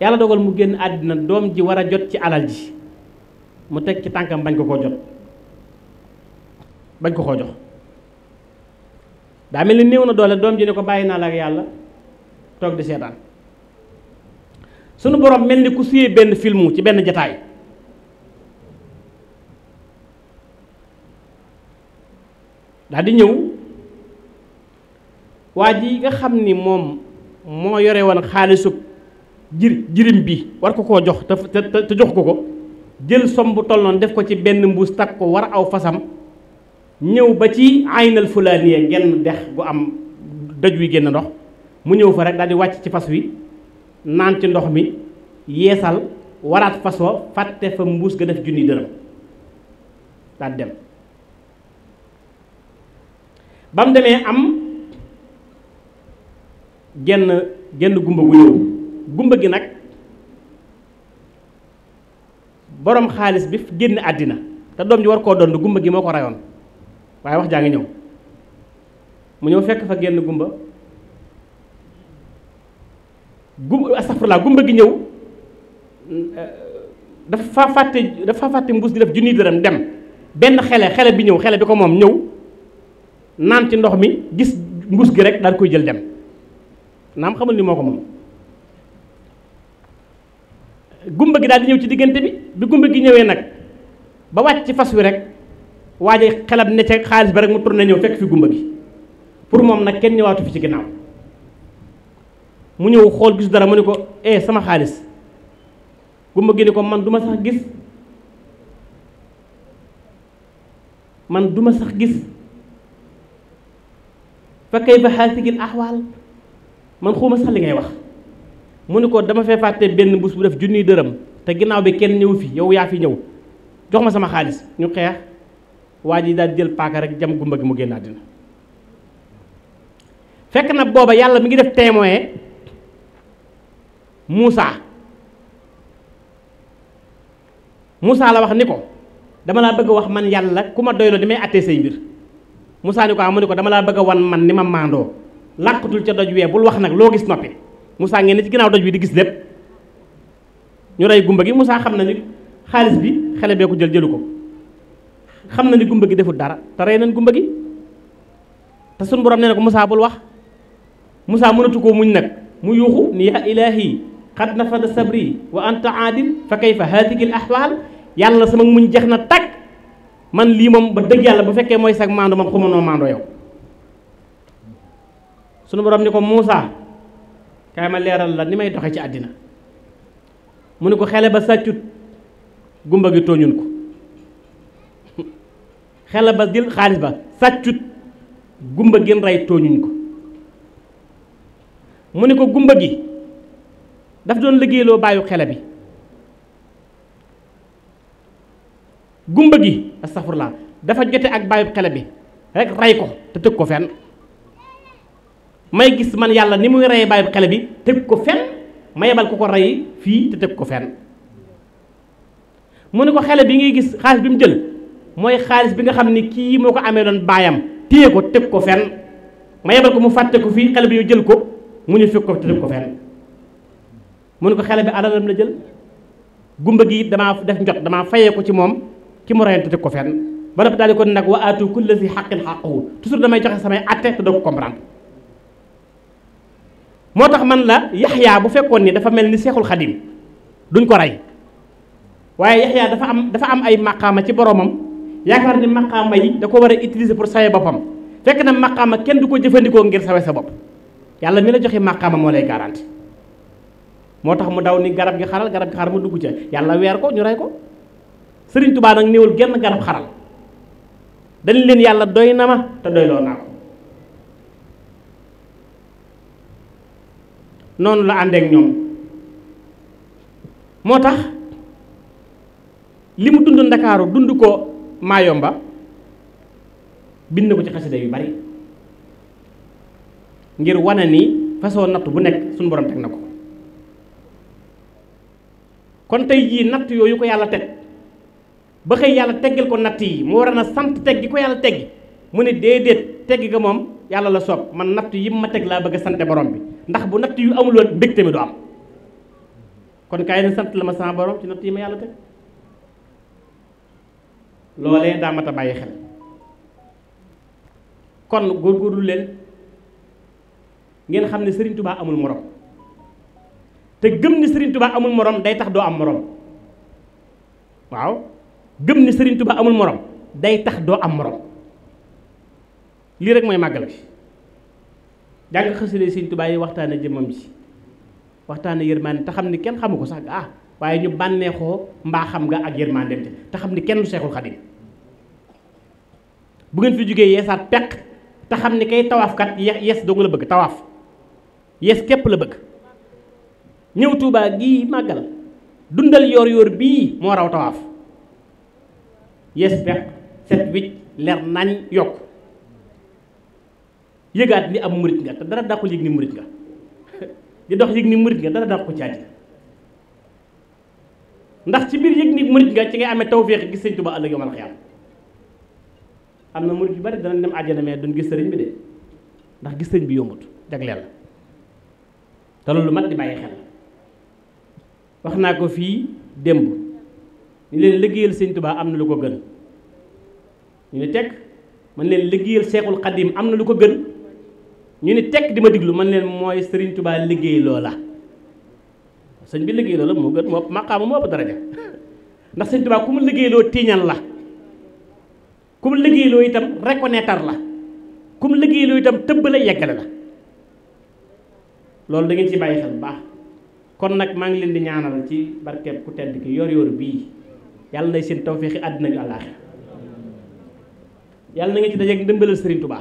yàlla dogal mu génn àddina doom ji war a jot ci alal ji mu teg ci tànkam bañ ko koo jot bañ ko koo jox daa mel ni néew na doole doom ji ne ko bàyyi naa la ak yàlla toog di seetaan sunu borom mel ni ku suyee benn filmu ci benn jataay daal ñëw waa ji nga xam ni moom moo yore woon xaalisub jir bi war ko koo jox te te jox ko ko jël som tolloon def ko ci benn mbuus takk ko war aw fasam ñëw ba ci aynal fulaaniya genn dex gu am doj wi génn ndox mu ñëw fa rek daal wàcc ci fas wi naan ci ndox mi yeesal waraat faso wa fàtte fa mbuus ga def junni dërëm daal dem ba mu demee am genn genn gumba gu ñëw gumba gi nag boroom xaalis bi génn àddina te doom ji war koo doon gumba gi moo ko rayoon waaye wax jaa ngi ñëw mu ñëw fekk fa genn gumba gum gumba gi ñëw euh, dafa fàtte dafa fàtte mbuus gi def junniy dërëm dem benn xele xele bi ñëw xele bi ko moom ñëw naan ci ndox mi gis mbuus gi rek daal koy jël dem naam xamul ni moo ko moom gumba gi daal di ñëw ci diggante bi bi gumba gi ñëwee nag ba wàcc ci fas wi rek waaje xelab ne ca xaalis bi rek mu tourné ñëw fekk fi gumba gi pour moom nag kenn ñëwaatu fi ci ginnaaw mu ñëw xool gis dara mu ne ko eh sama xaalis gumba gi ne ko man duma sax gis man duma sax gis fa kay fa xaasigil axwaal man xuma sax li ngay wax mu ne ko dama fee fàtte benn bus bu def junniy dërëm te ginnaaw bi kenn ñëw fi yow yaa fi ñëw jox ma sama xaalis ñu xeex waa ji daal jël paaka rek jam gumba gi mu génn àddina fekk na booba yàlla mi ngi def témoin Moussa Moussa la wax ni ko dama laa bëgg wax man yàlla ku ma doyloo di may attee say mbir Moussa ni ko ah mu ni ko dama laa bëgg a wan man ni ma maandoo làqatul ca doj wee bul wax nag loo gis noppi Moussa ngeen ne ci ginnaaw doj wi di gis lépp ñu rey gumba gi Moussa xam na ni xaalis bi xale bee ko jël jëlu ko xam na ni gumba gi deful dara te rey nañ gumba gi te sunu borom nee na ko Moussa bul wax Moussa mënatu koo muñ nag mu yuuxu ni yaa ilaahi xad nafada sabri wa anta aadil fa kayfa haatigil ahwaal yàlla sama muñ jeex na tàkk man lii moom ba dëgg yàlla bu fekkee mooy sag maando man xuma noo maando yow sunu borom ni ko Moussa kaay ma leeral la ni may doxe ci àddina mu ne ko xele ba sàccut gumba gi tooñun ko xele ba jël xaalis ba sàccut gumba gin rey tooñuñ ko mu ne ko gumba gi daf doon liggéeyloo bàyyu xele bi gumba gi astafurlaa dafa jote ak bàyyu xele bi rek rey ko te tëg ko fenn may gis man yàlla ni muy rey bàyyi xele bi tëg ko fenn ma yebal ko ko rey fii te tëg ko fen mu ne ko xele bi ngay gis xaalis bi mu jël mooy xaalis bi nga xam ni kii moo ko amee doon baayam téye ko tëg ko fenn ma yebal ko mu fàtte ko fii xele bi ñu jël ko mu ñu fekk ko te tëg ko fenn mu ne ko xale bi alalam la jël gumba gi it damaa def njot damaa fayee ko ci moom ki reyante teg ko fenn ba noppi daal di ko nag wa aatu kulli si xaqin xaqahu toujours damay joxe samay atte te doo tax man la yaxyaa bu fekkoon ni dafa mel ni seexul xadim duñ ko rey waaye yaxyaa dafa am dafa am ay maqaama ci boromam yaakaar ni maqaama yi da ko war a utiliser pour sawe boppam fekk na maqaama kenn du ko jëfandikoo ngir sawe sa bopp yàlla mi la joxe maqaama moo lay garanti moo tax mu daw ni garab gi xaral garab gi xaral mu dugg ca yàlla weer ko ñu rey ko sëriñ tubaa néewul genn garab xaral dañ leen yàlla doy na ma te doyloo naa ko noonu la àndeek ñoom moo tax li mu dund ndakaaru dund ko maayomba bind ko ci xasida yu bari ngir wane ni façon nattu bu nekk suñu borom teg na ko kon tey jii natt yooyu ko yàlla teg ba xëy yàlla teggal ko natt yi mu war a sant teg gi ko yàlla teggi mu ne déedéet tegg ga moom yàlla la soob man natt yi ma teg laa bëgg sante borom bi ndax bu natt yu amuloo mbégte mi du am kon kaay na sant la ma sama borom ci natt yi ma yàlla teg loolee daa mat a bàyyi xel kon góorgóorlu leen ngeen xam ne sëriñ tubaa amul morom te gëm ni Serigne Touba amul moroom day tax doo am morom waaw gëm ni sëriñ Touba amul moroom day tax doo am moroom lii rek mooy màggal bi jàng xasida Serigne Touba yi waxtaane jëmmam ji waxtaane yërmande te xam ni kenn xamu ko sax ah waaye ñu bànneexoo mbaa xam nga ak yërmande dem te xam ni kenn du Seexul Xadim bu ngeen fi jógee yeesaat peq te xam ni kay tawaafkat yes yes dong la bëgg tawaaf yes képp la bëgg. ñëw Touba gi màggal dundal yoor yor bii moo raw tawaaf yes bex set wicc leer nañ yokk yëgaat ni am murit nga te dara dàqul yëg ni murit nga di dox yëg ni murit nga dara dàq ko caati ndax ci biir yëg ni murit nga ci ngay amee tawféex gis sëñ Touba ëllëg yomal xiyaam am na murit yu bari danañ dem àjjana mais duñ gis sëriñ bi de ndax gis sëñ bi yombut jagleel la te loolu mat di bàyyi xel wax naa ko fii démb ni leen liggéeyal sëñ tubaa am na lu ko gën ñu ni tekk man leen liggéeyal seexul xadim am na lu ko gën ñu ni tekk di ma diglu man leen mooy sëriñ tubaa liggéey loola sëñ bi liggéey loola moo gën moo maqaama moo ëpp daraja ndax sëñ tubaa ku mu liggéeyloo tiiñal la ku mu liggéeyloo itam reconnaître la ku mu loo itam tëbb la yeggale la loolu da ngeen ci bàyyi xel baax kon nag maa ngi leen di ñaanal ci barkeb ku tedd ki yor yor bii yàlla nay seen tawféexi àddina ju àllaaxira yàlla na ngeen ci dajeeg ndëmbalal Serigne Touba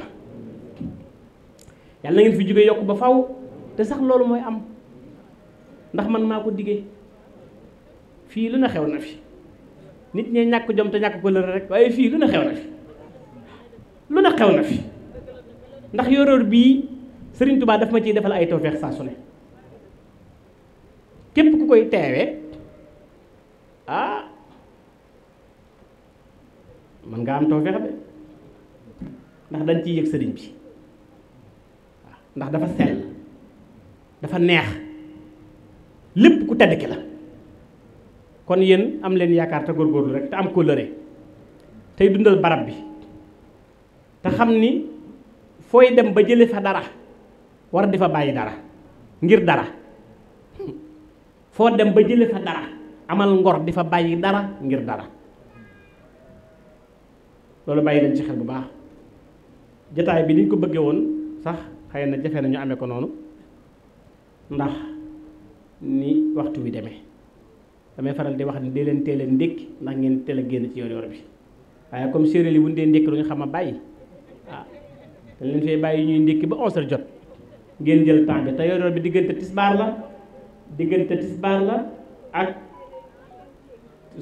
yàlla na ngeen fi jóge yokk ba faw te sax loolu mooy am ndax man maa ko diggee fii lu na xew na fi nit ñee ñàkk jom te ñàkk ko lëre rek waaye fii lu na xew na fi lu na xew na fi ndax yoroor bii sëriñ tubaa daf ma ciy defal ay tawféex saa su képp ku koy teewee ah mën nga am tawfeex de ndax dañ ciy yëg sëriñ bi ndax dafa sel dafa neex lépp ku tedd ki la kon yéen am leen yaakaar te góorgóorlu rek te am kóllëre tey dundal barab bi te xam ni fooy dem ba jële fa dara war di fa bàyyi dara ngir dara foo dem ba jële fa dara amal ngor di fa bàyyi dara ngir dara loolu bàyyi leen ci xel bu baax jataay bi ni ko bëggee woon sax xëy na jafe na ñu amee ko noonu ndax ni waxtu wi demee damay faral di wax ni dee leen teel a ndékki ndax ngeen teel génn ci yoor yoor bi waaye comme séeréer yi bu ñu dee ndékki lu ñu xam a bàyyi ah dañ leen fee bàyyi ñuy ndékki ba onze jot ngeen jël temps te yoor yoor bi diggante tisbaar la diggante tisbaar la ak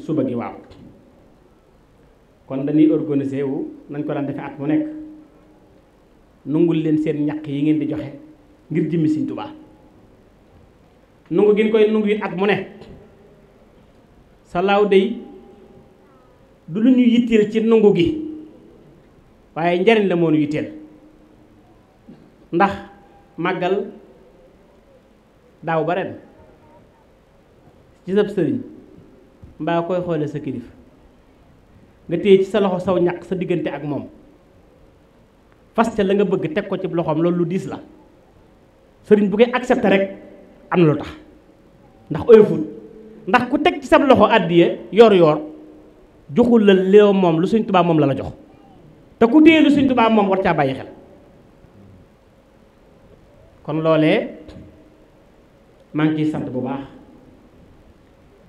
suba gi waaw kon dañuy organiser nañ ko daan defee at mu nekk nungul leen seen ñaq yi ngeen di joxe ngir jëmmi siñ Tuubaa nungu gin koy nungu at mu nekk sa laaw day du lu ñu yitteel ci nungu gi waaye njariñ la moo ñu yitteel ndax màggal daaw ba ren gisab sëriñ mbaa koy xoolee sa kilif nga téye ci sa loxo saw ñàkk sa diggante ak moom fas ca la nga bëgg teg ko ci loxoom loolu lu diis la sëriñ bu koy accepté rek am na lu tax ndax oyoful ndax ku teg ci sa loxo àddiye yor-yor joxul la moom lu Sëriñ Tuubaa moom la la jox te ku téye lu Sëriñ Tuubaa moom war caa bàyyi xel kon loolee maa ngi ciy sant bu baax.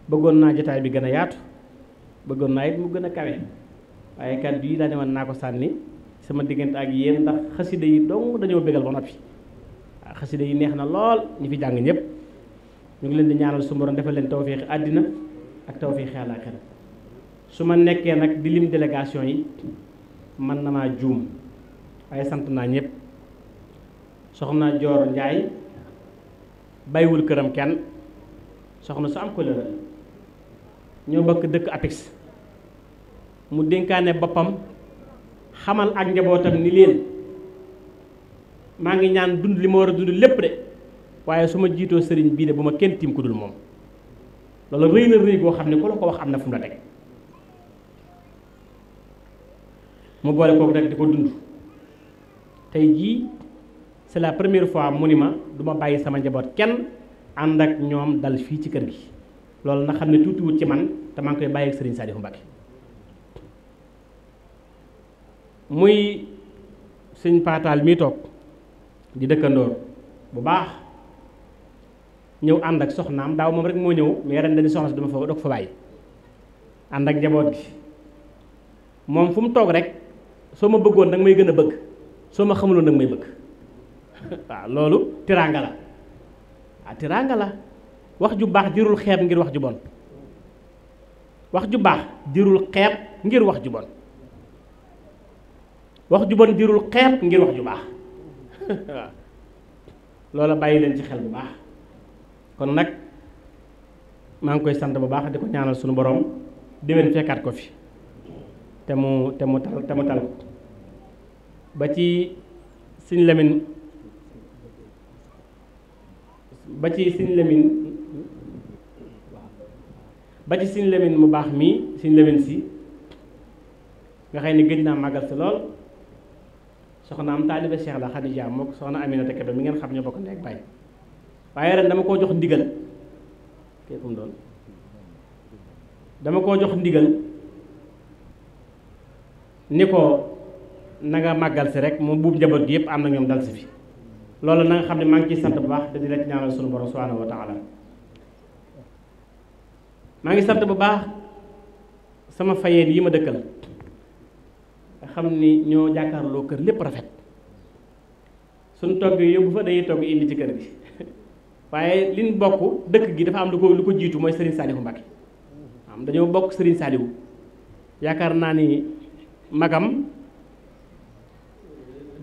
bëggoon naa jotaay bi gën a yaatu bëggoon naa it mu gën a kawe waaye kàddu yi daane naa ko sànni sama diggante ak yéen ndax xasida yi dong dañoo bégal ba noppi waaw xasida yi neex na lool ñi fi jàng ñépp ñu ngi leen di ñaanal su borom defal leen tawféexi àddina ak tawféexi àllaaxira su ma nekkee nag di lim délégation yi man na maa juum waaye sant naa ñëpp soxna Joor Njaay bàyyiwul këram kenn soxna su am ko la ñoo bokk dëkk Apix mu dénkaane boppam xamal ak njabootam ni leen maa ngi ñaan dund li ma war a dund lépp de waaye su ma jiitoo sëriñ bii de bu ma kenn tiim ku dul moom loolu rëy na rëy goo xam ne ku la ko wax am na fu la teg mu boole kooku nag di ko dund tey jii c'est la première fois mu ni ma du ma bàyyi sama njaboot kenn ànd ak ñoom dal fii ci kër gi loolu na xam ne tuutiwut ci man te maa ngi koy bàyyi ak Serigne Saliou Mbacké muy sëñ paataal mii toog di dëkkandoor bu baax ñëw ànd ak soxnaam daaw moom rek moo ñëw mais ren dañu soxna si duma fa dog fa bàyyi ànd ak njaboot gi moom fu mu toog rek soo ma bëggoon danga may gën a bëgg soo ma xamuloon danga may bëgg waaw loolu tiraanga la waaw tiraanga la wax ju baax dirul xeeb ngir wax ju bon wax ju baax dirul xeeb ngir wax ju bon wax ju bon dirul xeeb ngir wax ju baax waaw loola bàyyi leen ci xel bu baax kon nag maa ngi koy sant bu baax di ko ñaanal suñu boroom déwén fekkaat ko fi te mu te mu tal te mu tal ba ci siñ lemin ba ci siñ lemin ba ci suñu lemin mu baax mii suñu lemin si nga xëy ne gëj naa màggal si lool soxna am taalibe Cheikh la Khadija moo ko soxna Aminata Kebe mi ngeen xam ñoo bokk nekk bàyyi waaye ren dama koo jox ndigal képpum doon dama koo jox ndigal ni ko na màggal si rek moom buub njaboot gi yëpp am na ñoom dal si fi loolu na xam ne maa ngi ciy sant bu baax te di la ñaanal sunu borom subhanahu wa taala maa ngi sant bu baax sama fayeen yi ma dëkkal nga xam ni ñoo jàkkaarloo kër lépp rafet suñ togg yóbbu fa dañuy togg indi ci kër gi waaye liñ bokk dëkk gi dafa am lu ko lu ko jiitu mooy Serigne Saliou Mbacké am dañoo bokk Serigne Saliou yaakaar naa ni magam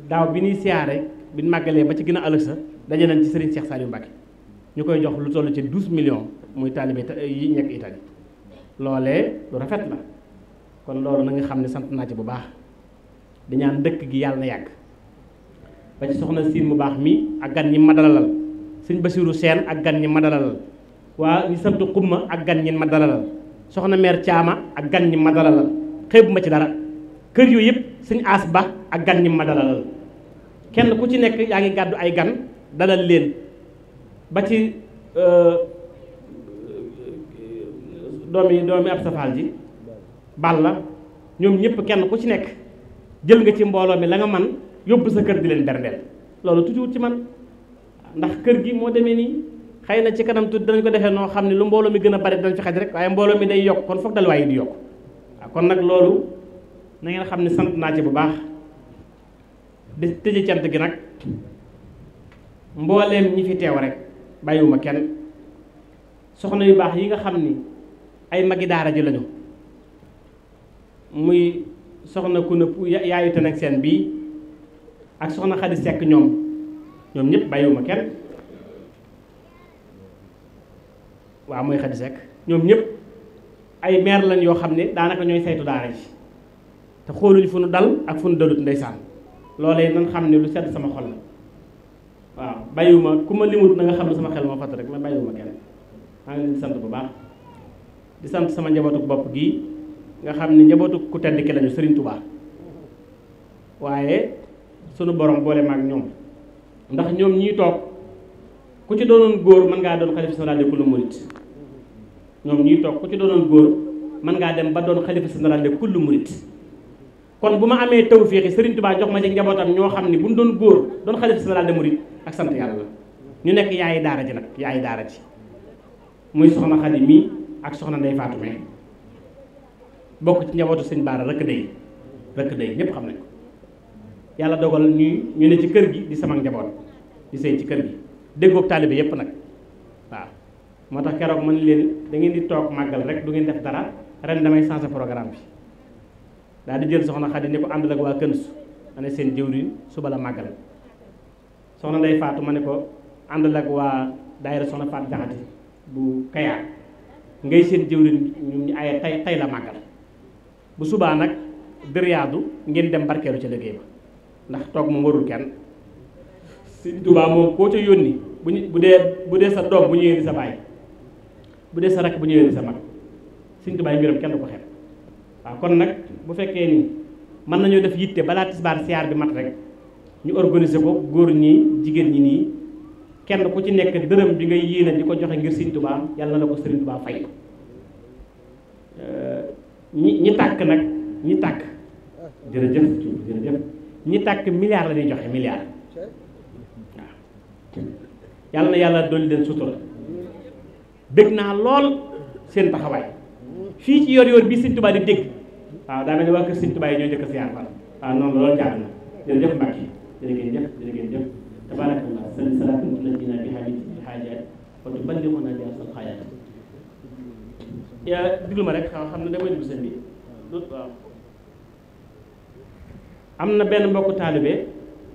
daaw bi ñuy siyaare bi ñu màggalee ba ci gën a ëllëg sa daje nañ ci Serigne Cheikh Saliou Mbacké ñu koy jox lu toll ci douze million muy taalibe yi nekk Itali loolee lu rafet la kon loolu na nga xam ne sant naa bu baax di ñaan dëkk gi yàlla na yàgg ba ci soxna siin bu baax mi ak gan ñi ma dalalal sëñ Basiiru Seen ak gan ñi ma dalalal waa ñi sant xumma ak gan ñi ma soxna meer Caama ak gan ñi ma dalalal xeebu ma ci dara kër yooyu yëpp sëñ Aas Ba ak gan ñi ma dalalal kenn ku ci nekk yaa ngi gàddu ay gan dalal leen ba ci euh, doomi doomi ab safaal ji la ñoom ñëpp kenn ku ci nekk jël nga ci mbooloo mi la nga man yóbbu sa kër di leen berndeel loolu toujours ci man ndax kër gi moo demee nii xëy na ci kanam tuuti danañ ko defee noo xam ne lu mbooloo mi gën a bari danañ fi xaj rek waaye mbooloo mi day yokk kon foog dalwaay yi di yokk waaw kon nag loolu nangeen xam ne sant naa bu baax di tëje cant gi nag mbooleem ñi fi teew rek bàyyiwuma kenn soxna yu baax yi nga xam ni ay mag magi daara ji lañu muy soxna ku nëpp yaayu te nag seen bii ak soxna Xadi Sekk ñoom ñoom ñëpp bàyyiwuma kenn waaw mooy Xadi Sekk ñoom ñëpp ay meer lañ yoo xam ne daanaka ñooy saytu daara ji te xooluñ fu nu dal ak fu nu dalut ndeysaan loolee nan xam ne lu sedd sama xol la waaw bàyyiwuma ku ma limut na nga xam ne sama xel moo fatt rek ma bàyyiwuma kenn maa ngi leen sant bu baax di sant sama njabootuk bopp gi nga xam ne njabootuk ku tedd ki lañu Sëriñ Tubaa waaye sunu borom boole maag ñoom ndax ñoom ñii toog ku ci doonoon góor mën ngaa doon xalifa général de kullu murit ñoom toog ku ci doonoon góor mën ngaa dem ba doon xalifa général de kullu murit kon bu ma amee tawféexi Sëriñ Tubaa jox ma ci njabootam ñoo xam ne bu ñu doon góor doon xalifa général de murit ak sant yàlla ñu nekk yaayi daara ji nag yaayi daara ji muy soxna Xadi ak soxna Ndeye Fatou bokk ci njabootu sëñ Baara rëkk day rëkk day ñëpp xam nañ ko yàlla dogal ñuy ñu ne ci kër gi di sama njaboot di sëy ci kër gi déggoog taalibe yépp nag waaw moo tax keroog man leen dangeen di toog màggal rek du ngeen def dara ren damay changé programme bi daal di jël soxna Xadi ne ko àndal ak waa Kënsu ma ne seen jëwriñ suba la màggal soxna Ndey Faatu ma ne ko ànd ak waa daayira soxna Faat Jaxate bu Kayaar ngay seen jëwriñ ñu ay tay tay la màggal bu subaa nag dëryaadu ngeen dem barkeelu ca liggéey ba ndax toog moom warul kenn Sëñ Tuubaa moom koo ca yónni bu ñu bu dee bu dee sa doom bu ñëwee di sa bàyyi bu dee sa rakk bu ñëwee di sa mag Sëñ Tuubaa yi mbiram kenn du ko xeeb waaw kon nag bu fekkee ni mën nañoo def yitte balaa tisbaar siyaar bi mat rek ñu organiser ko góor ñi jigéen ñi nii kenn ku ci nekk dërëm bi ngay yéene di ko joxe ngir Sëriñ Tuubaa yàlla na ko Sëriñ Tuubaa fay euh, ñi ñi tàkk nag ñi tàkk jërëjëf ñi tàkk milliard la ñuy joxe milliard yàlla na yàlla dolli leen sutura bëgg naa lool seen taxawaay fii ci yor yor bi Sëriñ Tuubaa di dégg waaw daa mel waa kër Sëriñ Tuubaa yi ñoo jëkk siyaar far waaw noonu loolu jàng na jërëjëf Mbàkke jërë ngeen jëf jërë ngeen jëf ربنا فلا تملك لنا بحاجتنا الحاجات وتبلغنا بها الخيرات yaa diglu ma rek xam am na benn mbokku taalibe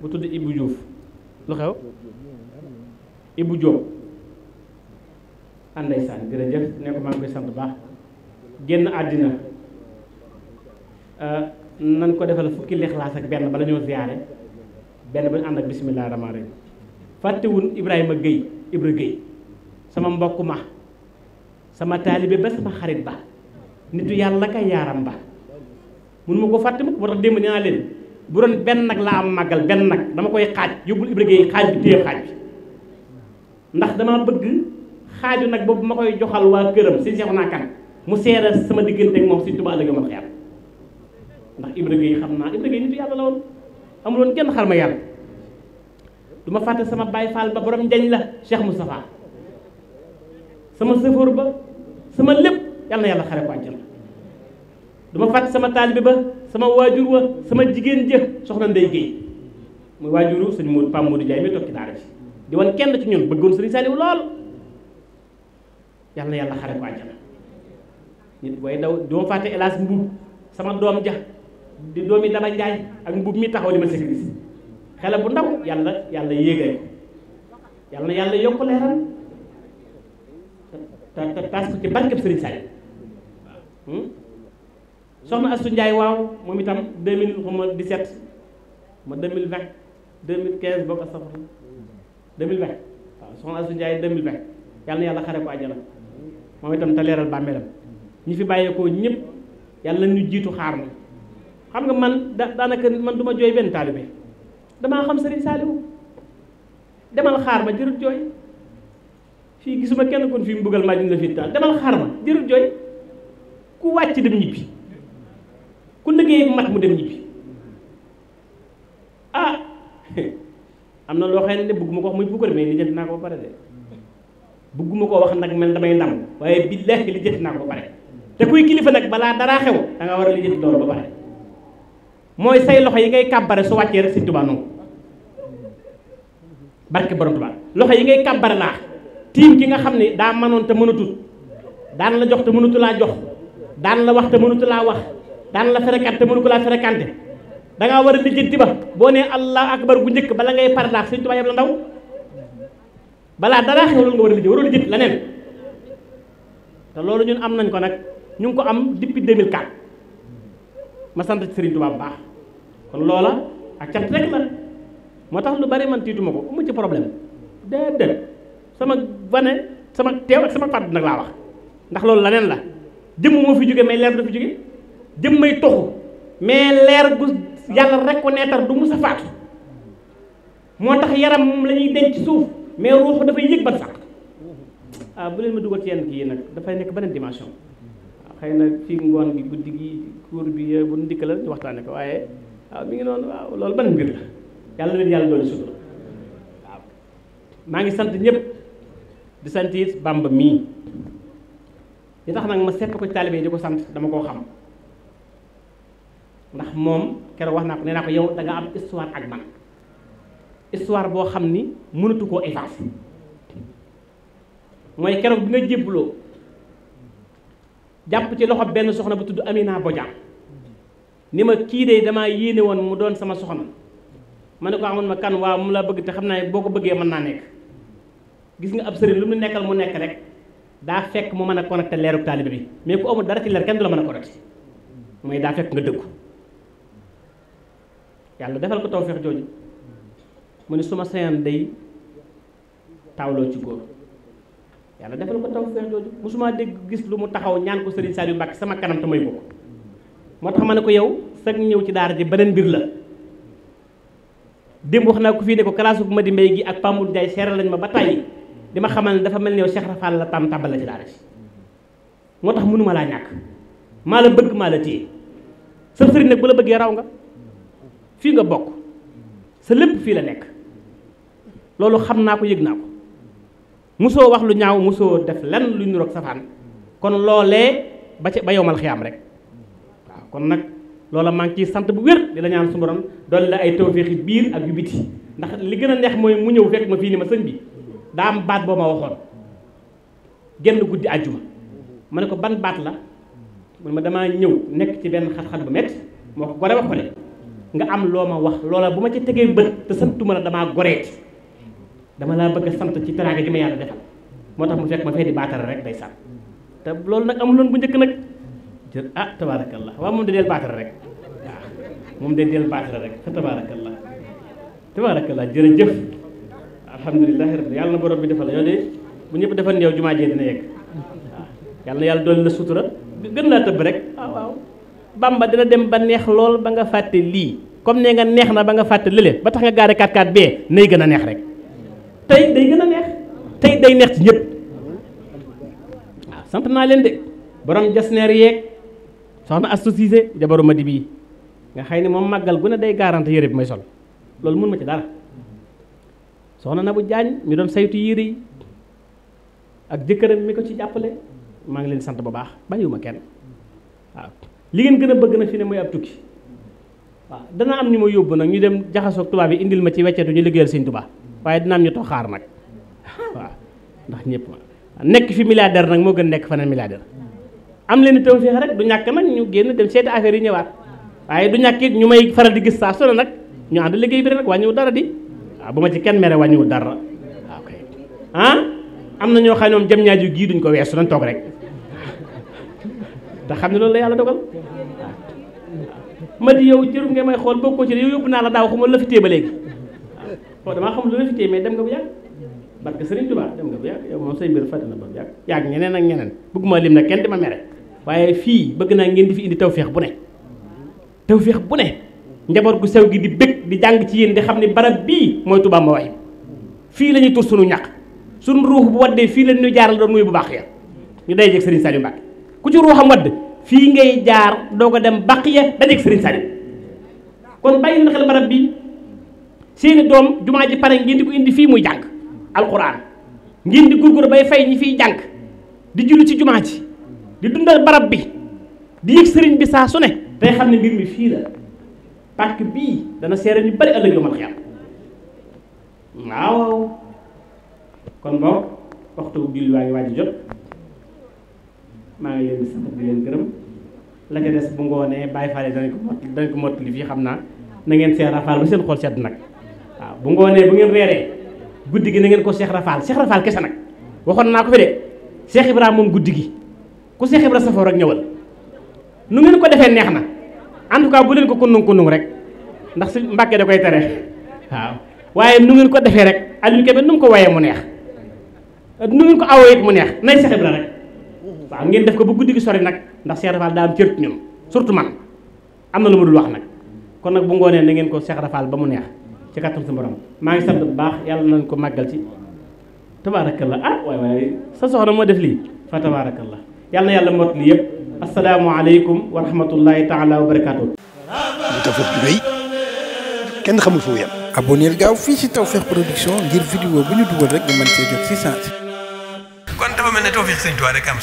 bu tudd Ibou Diouf lu xew Ibou Diop ànday ah, saan jërëjëf ne ko koy sant baax génn àddina euh, nan ko defal fukki lixlaas ak benn bala ñoo ziyaare benn ba ñu ànd ak bismillah rahmaan rahim fàttewun Ibrahima Guèye Ibra Guèye sama mbokk ma sama taalibe ba sama xarit ba nitu yàlla ka yaaram ba mënuma ko fàtte mukk moo tax démb nee naa leen bu doon benn nag laa am màggal benn nag dama koy xaaj yóbbul Ibra Guèye xaaj bi téye xaaj bi ndax dama bëgg xaaju nag boobu ma koy joxal waa këram si seexu naa kan mu seera sama diggante ak moom si Tuubaa la gëmal xeer ndax Ibra Guèye xam naa Ibra Guèye nitu yàlla la woon amuloon kenn ma yàlla du ma fàtte sama Baay Faal ba borom njañ la Cheikh Moustapha sama sëfoor ba sama lépp yàlla na yàlla xare ko àjjana du ma fàtte sama taalibe ba sama waajur wa sama jigéen jë soxna Ndey Géey muy waajuru sëñ Modou Pam Modou Ndiaye mi toog ci ji di wan kenn ci ñun bëggoon sëriñ Saliou lool yàlla na yàlla xare ko àjjana nit booy daw du ma fàtte hélas mbuub sama doom ja di doomi dama njaay ak mbuub mi taxaw li ma sécuriser xale bu ndaw yàlla yàlla yéegale yàlla na yàlla yokk leeral te te tas ci barkeb sëriñ Saliou waaw hmm? soxna Astou Ndiaye waaw moom itam deux mille xaw ma dix ma de mille vingt de mille quinze boo ko safar deux mille vingt waaw soxna Astou Ndiaye yàlla na yàlla xare ko àjjana moom itam te leeral bàmmeelam ñi fi bàyyeekoo ñëpp yàlla ñu jiitu xaar na xam nga man daanaka man du ma jooy benn taalibe damaa xam Serigne Saliou demal xaar ma jërut jooy fii gisuma kenn kon fii mu bëggal maa dina la fii taal demal xaar ma jërut jooy ku wàcc dem ñibbi ku liggéey mat mu dem ñibbi ah am na loo xam ne bëgguma ko wax muy bukkar mais lijjanti naa ko ba pare de bëgguma ko wax nag mel damay ndam waaye billaahi lijjanti naa ko ba pare te kuy kilifa nag balaa dara xew da war a lijjanti loolu ba pare mooy say loxo yi ngay kàbbare su wàccee rek si tubaab barke borom Tuubaa loxo yi ngay kàbbare laax tiim ki nga xam ne daa mënoon te mënatut daan la jox te mënatu laa jox daan la wax te mënatu laa wax daan la ferekante te mënu ko laa ferekante da ngaa war a lijjanti ba boo nee allah akbar gu njëkk bala ngay par laax sëñ Tuubaa yeb la ndaw balaa dara xew loolu nga war a lijjanti waroo lijjanti leneen te loolu ñun am nañ ko nag ñu ngi ko am depuis 2004 ma sant Serigne Touba baax kon loola ak cant rek la. moo tax lu bari man tiituma ko amu ci problème déedéet sama bane sama teew ak sama fàdd nag laa wax ndax loolu leneen la jëmm moo fi jóge may leer du fi jóge jëmm may toxu mais leer gu yàlla rek ko neetar du musa faatu moo tax yaram moom la ñuy denc suuf mais ruux dafay yëg ban sax ah bu leen ma dugal ci yenn kii nag dafay nekk beneen dimension waaw ah, xëy na fii ngoon gi guddi gi kuur bi bu nu dikk la ñu waxtaane ko waaye waaw ah, mi ngi noonu waaw yàlla leen yàlla doon sutura maa ngi sant ñépp di sant it bàmba mii li tax nag ma sepp ko ci taalibe yi di ko sant dama koo xam ndax moom keroog wax naa ko nee naa ko yow danga am histoire ak man histoire boo xam ni mënatu koo effacer mooy keroog bi nga jébbaloo jàpp ci loxo benn soxna bu tudd Amina Bodian ni ma kii de damaa yéene woon mu doon sama soxna ma ne ko amoon ma kan waaw mu la bëgg te xam naa boo ko bëggee mën naa nekk gis nga ab sëriñ lu mu nekkal mu nekk rek daa fekk mu mën a connecté leeru taalibe bi mais ku amul dara ci leer kenn du la mën a connecté mooy daa fekk nga dëggu yàlla defal ko tawfeex jooju mu ne suma sañoon day taawloo ci yàlla defal ko tawfeex jooju musuma dégg gis lu mu taxaw ñaan ko sëriñ yu Mbacke sama kanam te may ko moo tax ma ne ko yow sag ñëw ci daara ji beneen mbir la démb wax naa ko fii ne ko classe bu ma di mbay gi ak Pamour Ndiaye seeral lañ ma ba tàyyi di ma xamal ne dafa mel ni yow Cheikh Rafal la tam la ci daara si moo tax mënuma laa ñàkk maa la bëgg maa la téye sa sëriñ nag bu la bëggee raw nga fii nga bokk sa lépp fii la nekk loolu xam naa ko yëg naa ko musoo wax lu ñaaw musoo def lenn lu ñu roog safaan kon loolee ba ca ba yowmal xiyaam rek waaw kon nag loola maa ngi ciy sant bu wér di la ñaan su borom dool la ay tawféexi biir ak yu biti ndax li gën a neex mooy mu ñëw fekk ma fii ni ma sëñ bi daa am baat boo ma waxoon genn guddi àjjuma ma ne ko ban baat la mun ma damaa ñëw nekk ci benn xat-xat bu métti moo ko gore ba xole nga am loo ma wax loola bu ma ci tegee bët te santuma la damaa goreeti dama laa bëgg sant ci teraanga ji ma yàlla defal moo tax mu fekk ma fee di baatar rek day sant te loolu jël ah tabaarakallah waaw moom da deel baatara rek waaw moom da deel baatara rek fa tabaarakallah tabaarakallah jërëjëf alhamdulilahi rabbi yàlla na borom bi defal la yow de bu ñëpp defal yow jumaa jee dina yegg yàlla na yàlla dool la sutura gën laa tëbb rek waaw ah, waaw bamba dina dem ba neex lool ba nga fàtte lii comme ne nga neex na ba nga fàtte lële ba tax nga gaare 4-4 bee nay gën a neex rek tey day gën a neex tey day neex ci ñëpp waaw sant soxna Astou Cissé jabaru Madi bii nga xëy ne moom màggal gu ne day garante yére bi may sol loolu mun ma ci dara soxna na bu Diagne ñu doom saytu yére yi ak jëkkëram mi ko ci jàppale maa ngi leen sant bu baax bàyyiwuma kenn waaw li ngeen gën a bëgg na fi ne mooy ab tukki waaw dana am ñu ma yóbbu nag ñu dem jaxasoo tubaab yi indil ma ci weccetu ñu liggéeyal sëñ Tuubaa waaye dina am ñu toog xaar nag waaw ndax ñëpp nekk fi milliardaire nag moo gën nekk faneen milliardaire am leen tawféex rek du ñàkk nag ñu génn dem seeti affaire yi ñëwaat waaye du ñàkk it ñu may faral di gis saa su nag ñu ànd liggéey bi rek wàññiwu dara di waaw bu ma ci kenn mere wàññiwu dara waaw kay ah am na ñoo xam ne moom jëm gii duñ ko weesu nañ toog rek te xam ne loolu la yàlla dogal ma di yow jëru nga may xool bokkoo ci yow naa la daaw xuma la fi téye ba léegi waaw damaa xam lu la fi dem nga bu yàgg barke Sëriñ dem nga bu say mbir fàtte na ñeneen ak ñeneen bëgguma lim na kenn di ma mere waaye fii bëgg naa ngeen di fi indi tawféex bu ne tawféex bu ne njaboot gu sew gi di bëgg di jàng ci yéen di xam ne barab bii mooy Touba Mbaye fii la ñuy tur sunu ñaq sunu ruux bu waddee fii la ñuy jaaral doon muy bu baax ya ñu day jeg Serigne Saliou Mbacké ku ci ruuxam fii ngay jaar doo ko dem bàq ya dajeeg Serigne kon bàyyi na xel barab bi seeni doom jumaa ji pare ngeen di ko indi fii muy jàng alxuraan ngeen di gurgur bay fay ñi fiy jàng di julli ci jumaa ji di dundal barab bi di yëg sëriñ bi saa su ne tey xam ne mbir mi fii la pàkk bii dana seere ñu bari ëllëg yomal xiyam waaw kon boog waxtu julli waa ngi waaj jot maa ngi leen di sant di leen gërëm la ca des bu ngoonee bàyyi faale danañ ko mott danañ ko mottali fii xam naa na ngeen seex rafaal ba seen xool sedd nag waaw bu ngoonee bu ngeen reeree guddi gi na ngeen ko seex rafaal seex rafaal kese nag waxoon naa ko fi de seex ibrahima moom guddi gi ku Seex Ibra safoo rek ñëwal nu ngeen ko defee neex na en tout cas bu leen ko kundung kundung rek ndax si Mbàkke da koy tere waaw waaye nu ngeen ko defee rek Aliou Kébé nu mu ko wayee mu neex nu ngeen ko awoo mu neex nay Seex Ibra rek ngeen def ko ba guddi gi sori nag ndax Seex Rafaal daa am cër surtout man am na lu ma dul wax nag kon nag bu ngoonee na ngeen ko Seex Rafaal ba mu neex ci kattan su borom maa ngi sant bu baax yàlla nañ ko màggal ci tabaarakalla ah waay waay sa soxna moo def lii fa tabaarakalla yàlla yàlla mot li yëpp asalaamualeykum wa rahmatullahi taala wa kenn xamul fu mu yem. gaaw fii ci Tawfekh Production ngir vidéo bu ñu dugal rek nga mën see jot si saa si. kon dafa mel ne Tawfekh Sëriñ Tuubaa